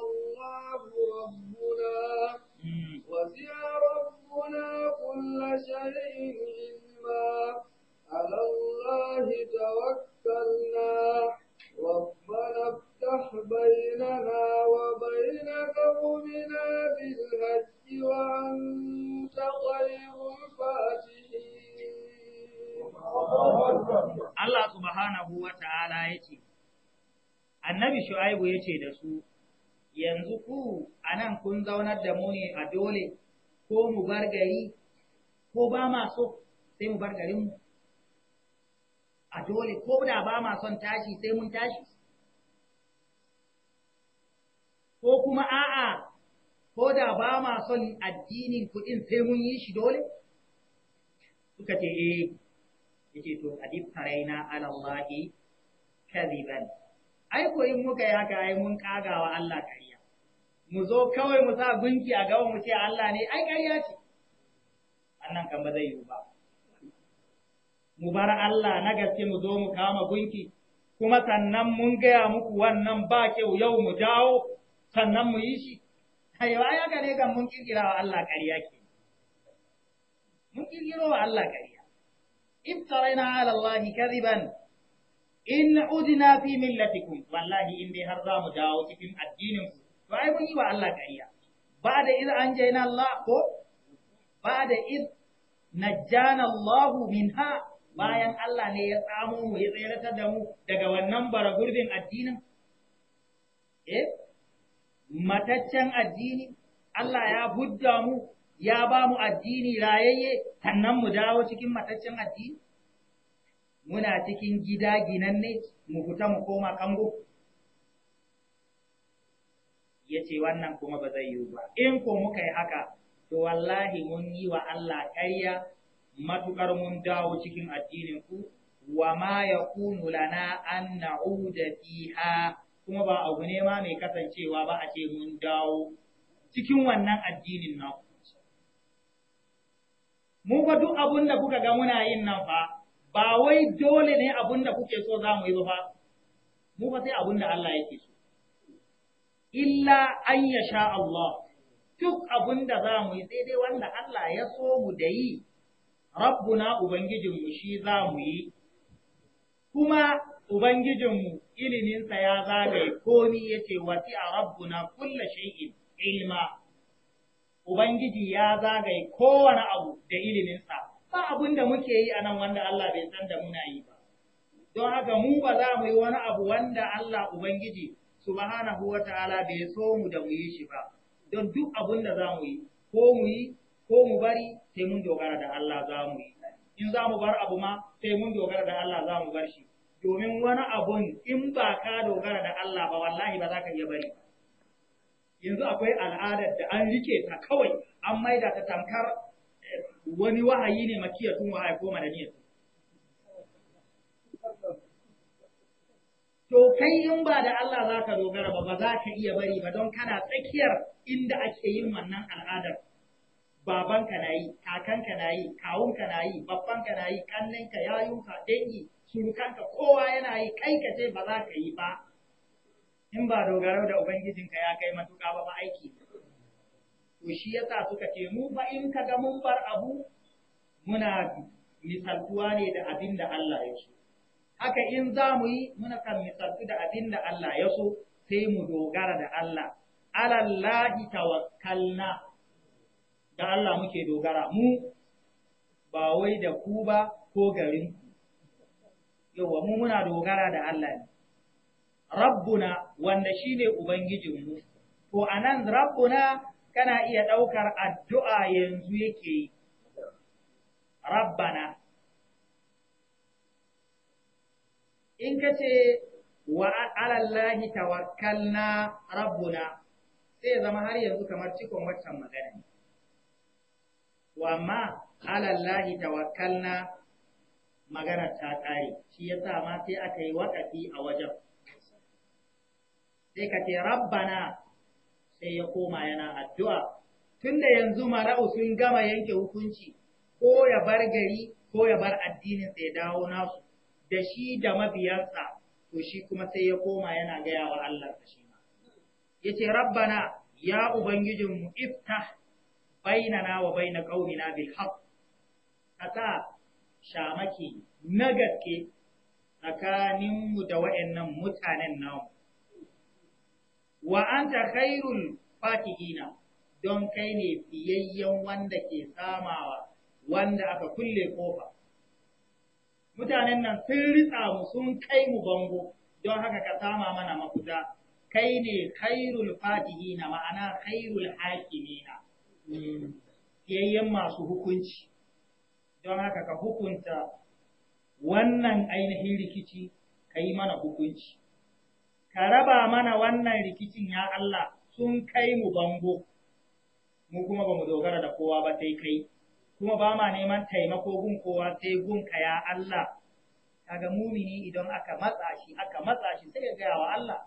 الله ربنا وسع ربنا كل شيء علما على الله توكلنا ربنا افتح بيننا وبين قومنا بالحج وأنت خير الفاتحين الله سبحانه ya ce. Annabi Shu'aibu ya ce da su, Yanzu ku a nan kun zaunar da mu ne a dole, ko mu bar gari, ko ba ma so sai mu bar garinmu. a dole ko da ba ma son tashi sai mun tashi ko kuma a'a ko da ba ma son addinin kuɗin sai mun yi shi dole suka ce eh yake to adiftaraina ala allahi kadiban ai ko in muka yi haka ai mun kagawa Allah kariya mu zo kawai mu sa gunki a gaban mu ce Allah ne ai kariya ce annan kan ba zai yi ba mu bar Allah na gaske mu zo mu kama gunki kuma sannan mun gaya muku wannan ba kyau yau mu dawo sannan mu yi shi ayo ya gare ga mun kirkira wa Allah ƙarya ke mun kirkiro wa Allah ƙarya iftaraina ala Allah kadiban in udna fi millatikum wallahi in dai har za mu dawo cikin addinin ku to ai mun yi wa Allah ƙarya ba da iz anjayna Allah ko ba da iz najjana Allah minha bayan Allah ne ya tsamo mu ya tsayar da mu daga wannan bara gurbin addinin eh mataccen addini Allah ya budda mu ya ba mu addini rayayye sannan mu dawo cikin mataccen addini muna cikin gida ginanne mu fita mu koma kango ya ce wannan kuma ba zai yiwu ba in ko muka yi haka to wallahi mun yi wa Allah ƙarya matukar mun dawo cikin addinin ku wa ma yakunu lana an na'uda fiha kuma ba abu ne ma mai kasancewa ba a ce mun dawo cikin wannan addinin naku mu ba duk abun da kuka ga muna yin nan fa ba wai dole ne abun da kuke so za mu yi ba fa mu fa sai abun da Allah yake so illa an yasha Allah duk abun da za mu yi sai dai wanda Allah ya so mu da yi rabbuna ubangijinmu shi za mu yi kuma ubangijinmu iliminsa ya zagaye komi yace wasi a rabbuna kulla shi'in ilma ubangiji ya zagaye kowane abu da iliminsa ba abin da muke yi a nan wanda Allah bai san da muna yi ba don haka mu ba za mu yi wani abu wanda Allah ubangiji subhanahu ta'ala bai so mu da mu yi shi ba don duk abin da za mu yi ko mu yi ko mu bari sai mun dogara da Allah za mu yi in za mu bar abu ma sai mun dogara da Allah za mu bar shi domin wani abun in ba ka dogara da Allah ba wallahi ba za ka iya bari yanzu akwai al'adar da an rike ta kawai an maida ta tamkar eh, wani wahayi ne makiyatun wahayi ko madaniyatun To kai in ba da Allah za ka dogara ba, ba za ka iya bari ba don kana tsakiyar inda ake yin wannan al'adar babanka na yi kakanka na yi kawunka na yi babbanka na yi kannenka yayunka dangi surukanka kowa yana yi kai ka ce ba za ka yi ba in ba dogaro da ubangijin ka ya kai matuƙa ba ba aiki to shi yasa suka ce mu ba in ka ga mun bar abu muna misaltuwa ne da abin da Allah ya so haka in za mu yi muna kan misaltu da abin da Allah ya so sai mu dogara da Allah alallahi tawakkalna ga Allah muke dogara mu ba wai da ku ba ko garin ku yawa mu muna dogara da Allah ne rabbuna wanda shine ubangijinmu to anan rabbuna kana iya ɗaukar addu'a yanzu yake rabbana in kace wa alallahi tawakkalna rabbuna sai zama har yanzu kamar cikon waccan magana ne. to amma alallahi tawakkalna magana ta kare shi yasa ma sai aka yi wakafi a wajen sai ka ce rabbana sai ya koma yana addu'a tunda yanzu mara'u sun gama yanke hukunci ko ya bar gari ko ya bar addinin sai dawo nasu da shi da mabiyansa to shi kuma sai ya koma yana gaya wa Allah shi ma yace rabbana ya ubangijinmu iftah bainana wa baina qaumina bil haqq asa shamaki na gaske tsakaninmu da wa'annan mutanen namu wa anta khairul fatihina don kai ne fiyayyen wanda ke samawa wanda aka kulle kofa mutanen nan sun ritsa mu sun kai mu bango don haka ka sama mana mafuta kai ne khairul fatihina ma'ana khairul hakimina Eh, yayyen masu hukunci don haka ka hukunta wannan ainihin rikici ka yi mana hukunci ka raba mana wannan rikicin ya Allah sun kai mu bango mu kuma ba mu dogara da kowa ba sai kai kuma ba ma neman taimako gun kowa sai gun ka ya Allah kaga mumini idan aka matsa shi aka matsa shi sai ya gaya wa Allah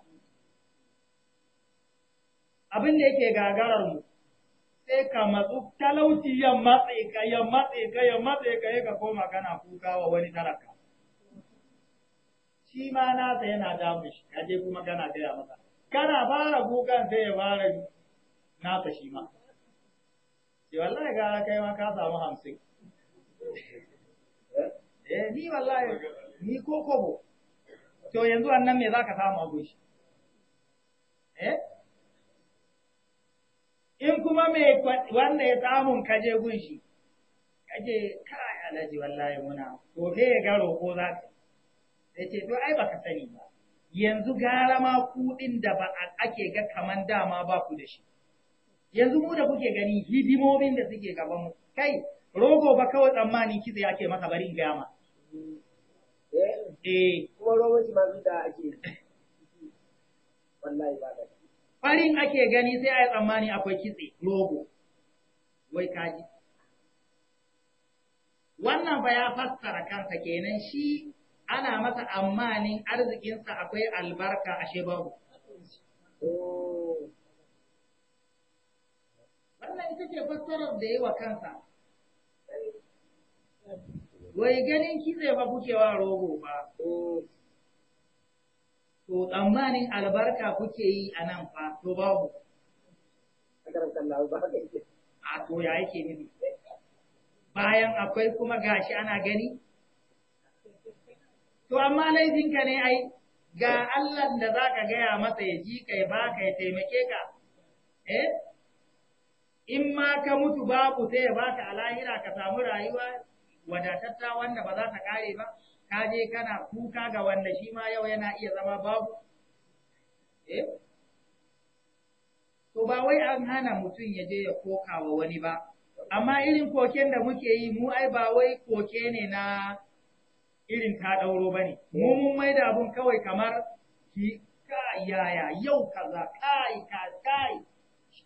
abin da yake gagarar mu sai ka matsu talauci ya matse ka ya matse ka ya matse ka ya ka koma kana kuka wa wani talaka shi ma nasa yana damu shi ka je kuma kana gaya masa kana fara kukan sai ya fara nasa shi ma sai wallahi gara kai ma ka samu hamsin eh ni wallahi ni ko kobo to yanzu annan me zaka samu abun shi eh in kuma mai wanda ya samun kaje gunshi kaje kai alaji wallahi muna to ne ga roƙo za ka sai ce to ai baka sani ba yanzu gara ma kuɗin da ba ake ga kaman dama ba ku da shi yanzu mu da kuke gani hidimomin da suke gaban mu kai rogo ba kawai tsammani kitse ake maka barin gama eh, eh kuma rogo shi ma da ake wallahi ba da farin ake gani sai a yi tsammani akwai kitse logo wai kaji wannan ba ya fassara kansa kenan shi ana masa ammanin arzikinsa akwai albarka ashe babu oh. wannan ita ce fassarar da yi wa kansa wai ganin kitse ba kuke wa rogo ba to tsammanin albarka kuke yi a nan fa to babu. A to ya yake Bayan akwai kuma gashi ana gani? To amma laifinka ne ai, ga Allah da za ka gaya masa ya ji ka ya baka ya taimake ka. Eh? In ma ka mutu babu sai ya baka a lahira ka samu rayuwa wadatatta wanda ba za ta kare ba. ka je kana kuka ga wanda shi ma yau yana iya zama babu eh? to ba wai an hana mutum ya je ya koka wa wani ba amma irin koken da muke yi mu ai ba wai koke ne na irin ta ɗauro ba ne mu eh. mun mai da abun kawai kamar ki ka yaya yau kaza kai ka kai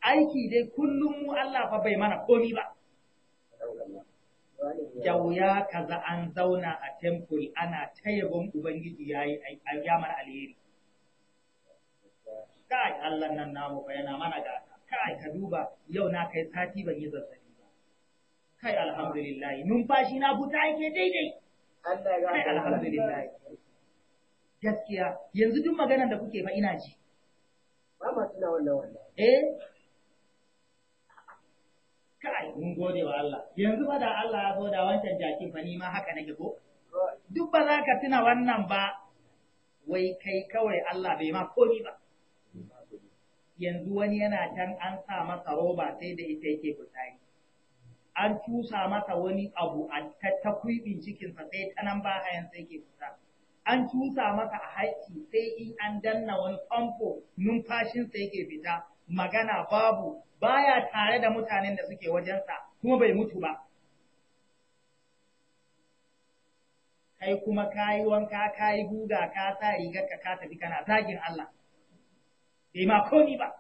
aiki dai kullum mu Allah fa bai mana komi ba da wuya kaza an zauna a temple ana ta yabon ubangiji yayi ya mana alheri kai Allah nan namu fa yana mana gata kai ka duba yau na kai sati ban yi zazzabi ba kai alhamdulillah numfashi na buta yake daidai kai alhamdulillah gaskiya yanzu duk maganar da kuke fa ina ji ba ma tuna wannan wannan eh kai mun gode wa Allah yanzu ba da Allah ya goda wancan jakin fa ni ma haka nake ko duk ba za ka tuna wannan ba wai kai kawai Allah bai ma komi ba yanzu wani yana can an sa masa roba sai da ita yake fitsari an cusa masa wani abu a cikin cikinsa sai ta nan ba hayan sai ke fita. An cusa masa a haiti sai in an danna wani famfo numfashin numfashinsa yake fita, magana babu baya tare da mutanen da suke wajensa kuma bai mutu ba kai kuma kayi wanka kayi guga ka sa rigar ka tafi kana zagin Allah bai ma komi ba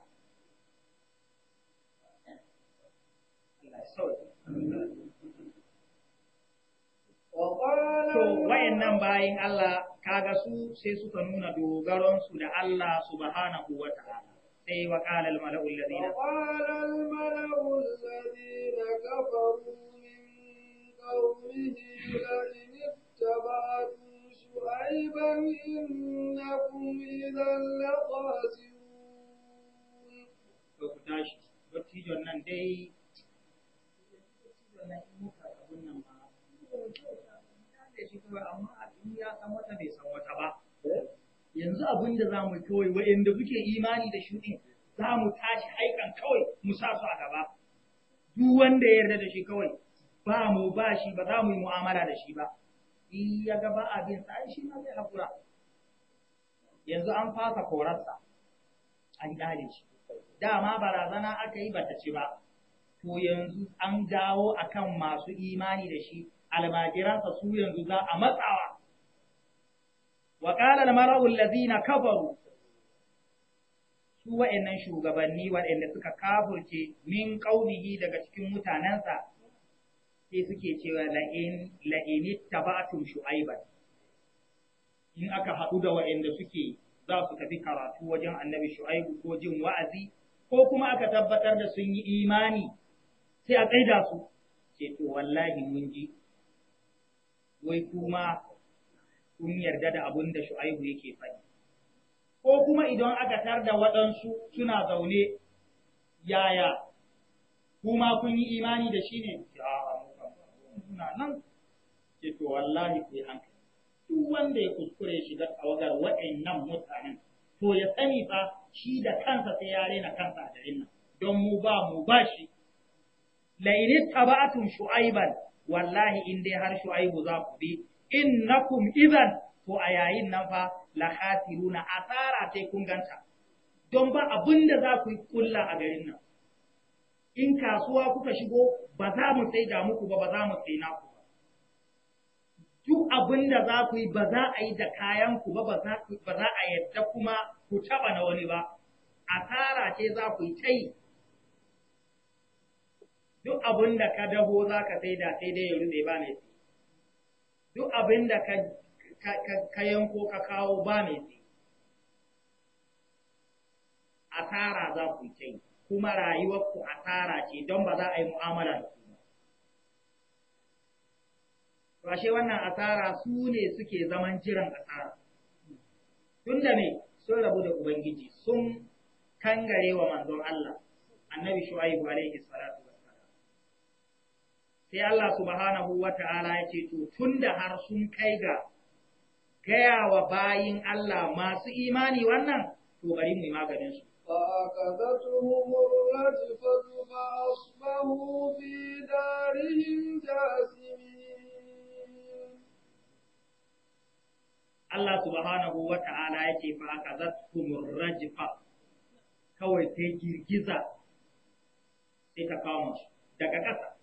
To wayannan bayin Allah kaga su sai suka nuna dogaronsu da Allah subhanahu wa ta'ala. sai wa qala al mala'u alladhina qala al kafaru min qawmihi la in ittaba'tum شعيبا إنكم إذا لخاسرون dattijon nan dai amma a duniya san wata bai san wata ba eh? yanzu abin da za mu kawai wa'anda kuke imani da shuɗin za mu tashi haikan kawai mu sa su a gaba duk wanda ya yarda da shi kawai ba mu ba shi ba za mu yi mu'amala da shi ba in ya ga abin sa shi ma zai hakura yanzu an fasa korarsa an ƙare shi dama barazana aka yi bata ci ba to yanzu an dawo akan masu imani da shi almajiransa su yanzu za a matsawa wa qala al-mar'u kafaru su wa'annan shugabanni waɗanda suka kafurce min qaumihi daga cikin mutanensa, sai suke cewa la'in la'in tabatum in aka haɗu da waɗanda suke za su tafi karatu wajen annabi shu'aibu ko jin wa'azi ko kuma aka tabbatar da sun yi imani sai a tsaida su ce to wallahi mun ji wai kuma sun yarda da abin da Shu'aibu yake faɗi. Ko kuma idan aka tar da waɗansu suna zaune yaya, kuma kun yi imani da shi ne, suna nan, ke to wallahi ku yi hankali. Duk wanda ya kuskure shiga tawagar waɗannan mutanen, to ya sani fa shi da kansa sai ya rena kansa a garin nan, don mu ba mu ba shi. Lainit tabatun shu'aiban, wallahi in dai har shu'aibu za ku bi, In na kum idan ko a yayin nan fa la khasiruna asara sai kun ganta don ba abin da za ku yi kulla a garin nan in kasuwa kuka shigo ba za mu sai da muku ba ba za mu sai na ba duk abin da za ku yi ba za a yi da kayan ku ba ba za a yadda kuma ku taba na wani ba asara ce za ku yi tai duk abin da ka dabo za ka sai da sai dai ya rube ba ne sai duk abin da ka yanko ka kawo ba mai sai asara za ku yi kuma rayuwarku asara ce don ba za a yi mu'amala da su. ba. Rashe wannan asara su ne suke zaman jiran asara. Tun da ne sun rabu da Ubangiji sun kangare wa manzon Allah, annabi Shu'aibu alaihi salatu sai Allah subhanahu wa ta'ala ya ce, To, tun da har sun kai ga gaya wa bayin Allah masu imani wannan, to bari mu yi maganinsu. su. Allah subhanahu wa ta’ala ya ce, سبحانه وتعالى يكي kawai sai girgiza sai ta kama su daga ƙasa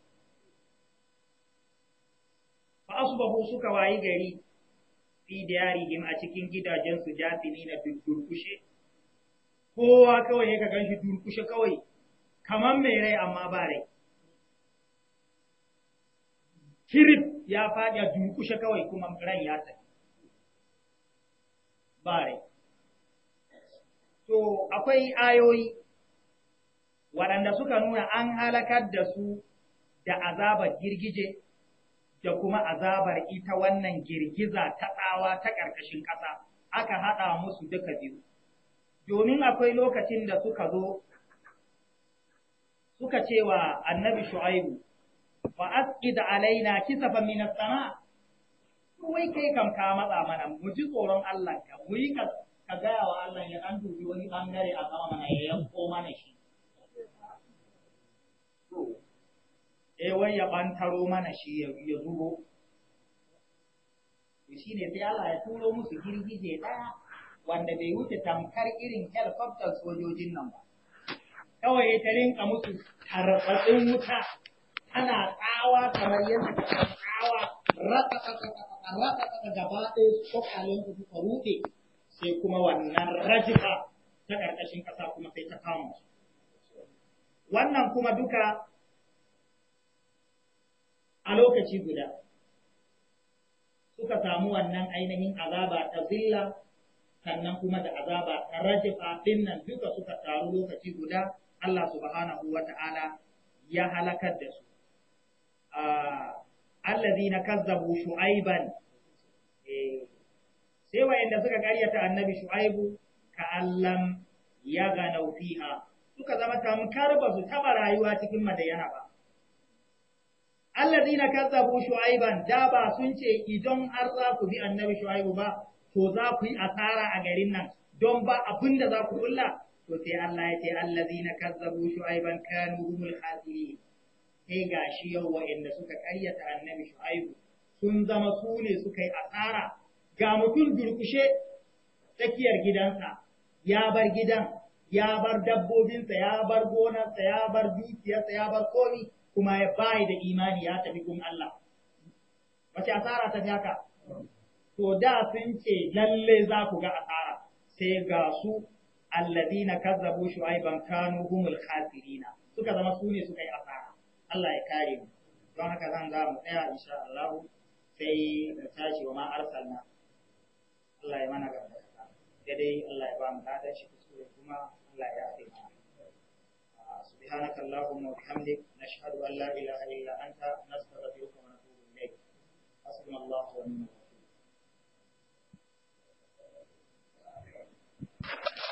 fa suka wayi gari fi diyarihim a cikin gidajen su, jasimi na durkushe kowa kawai ya ka ganshi durkushe kawai kamar mai rai amma ba rai kirif ya faɗi a durkushe kawai kuma ran ya tafi ba rai to akwai ayoyi waɗanda suka nuna an halakar da su da azabar girgije da kuma azabar ita wannan girgiza ta tsawa ta ƙarƙashin ƙasa aka haɗa musu duka biyu. Domin akwai lokacin da suka zo suka ce wa annabi Shu'aibu, wa aski da alaina na tsana? sama, wai kai kam ka matsa mana mu ji tsoron Allah ka, mu yi ka gaya wa Allah ya ɗan dubi wani ɓangare a sama mana ya yanko mana shi. eh wai ya bantaro mana shi ya zubo shi ne sai Allah ya turo musu girgije ɗaya wanda bai wuce tamkar irin helicopter sojojin nan ba kawai ta rinka musu tarbatsin wuta tana tsawa kamar yadda ta tsawa raka da gaba ɗaya kokalin su suka ruɗe sai kuma wannan rajifa ta ƙarƙashin ƙasa kuma sai ta kama wannan kuma duka a lokaci guda suka samu wannan ainihin azaba ta zilla sannan kuma da azaba ta rajifa din nan duka suka taru lokaci guda Allah subhanahu wa ta'ala ya halakar da su allazina kazzabu shu'aiban eh, sai wayanda suka karyata annabi shu'aibu ka'allam ya ganau fiha suka zama tamkar ba su taba rayuwa cikin madayana ba alladina kazzabu shu'aiban da ba sun ce idan har za ku bi annabi shu'aibu ba to za ku yi asara a garin nan don ba abinda da za ku kulla to sai Allah ya ce alladina kazzabu shu'aiban kanu humul khasirin sai gashi yau wa'anda suka karyata annabi shu'aibu sun zama su ne suka yi asara ga mutum durkushe tsakiyar gidansa ya bar gidan ya bar dabbobinsa ya bar gonarsa ya bar dukiyarsa ya bar komi kuma ya bai da imani ya tafi gun Allah wace asara ta haka to da sun ce lalle za ku ga asara sai ga su alladina kazzabu shu'aiban kanu humul khasirina suka zama su ne suka yi asara Allah ya kare mu don haka zan za mu tsaya insha Allah sai mu tashi wa ma arsalna Allah ya mana gaba dai Allah ya ba mu ladan shi kuskure kuma Allah ya afi سبحانك اللهم وبحمدك نشهد أن لا إله إلا أنت نستغفرك ونتوب إليك حسبنا الله ونعم الوكيل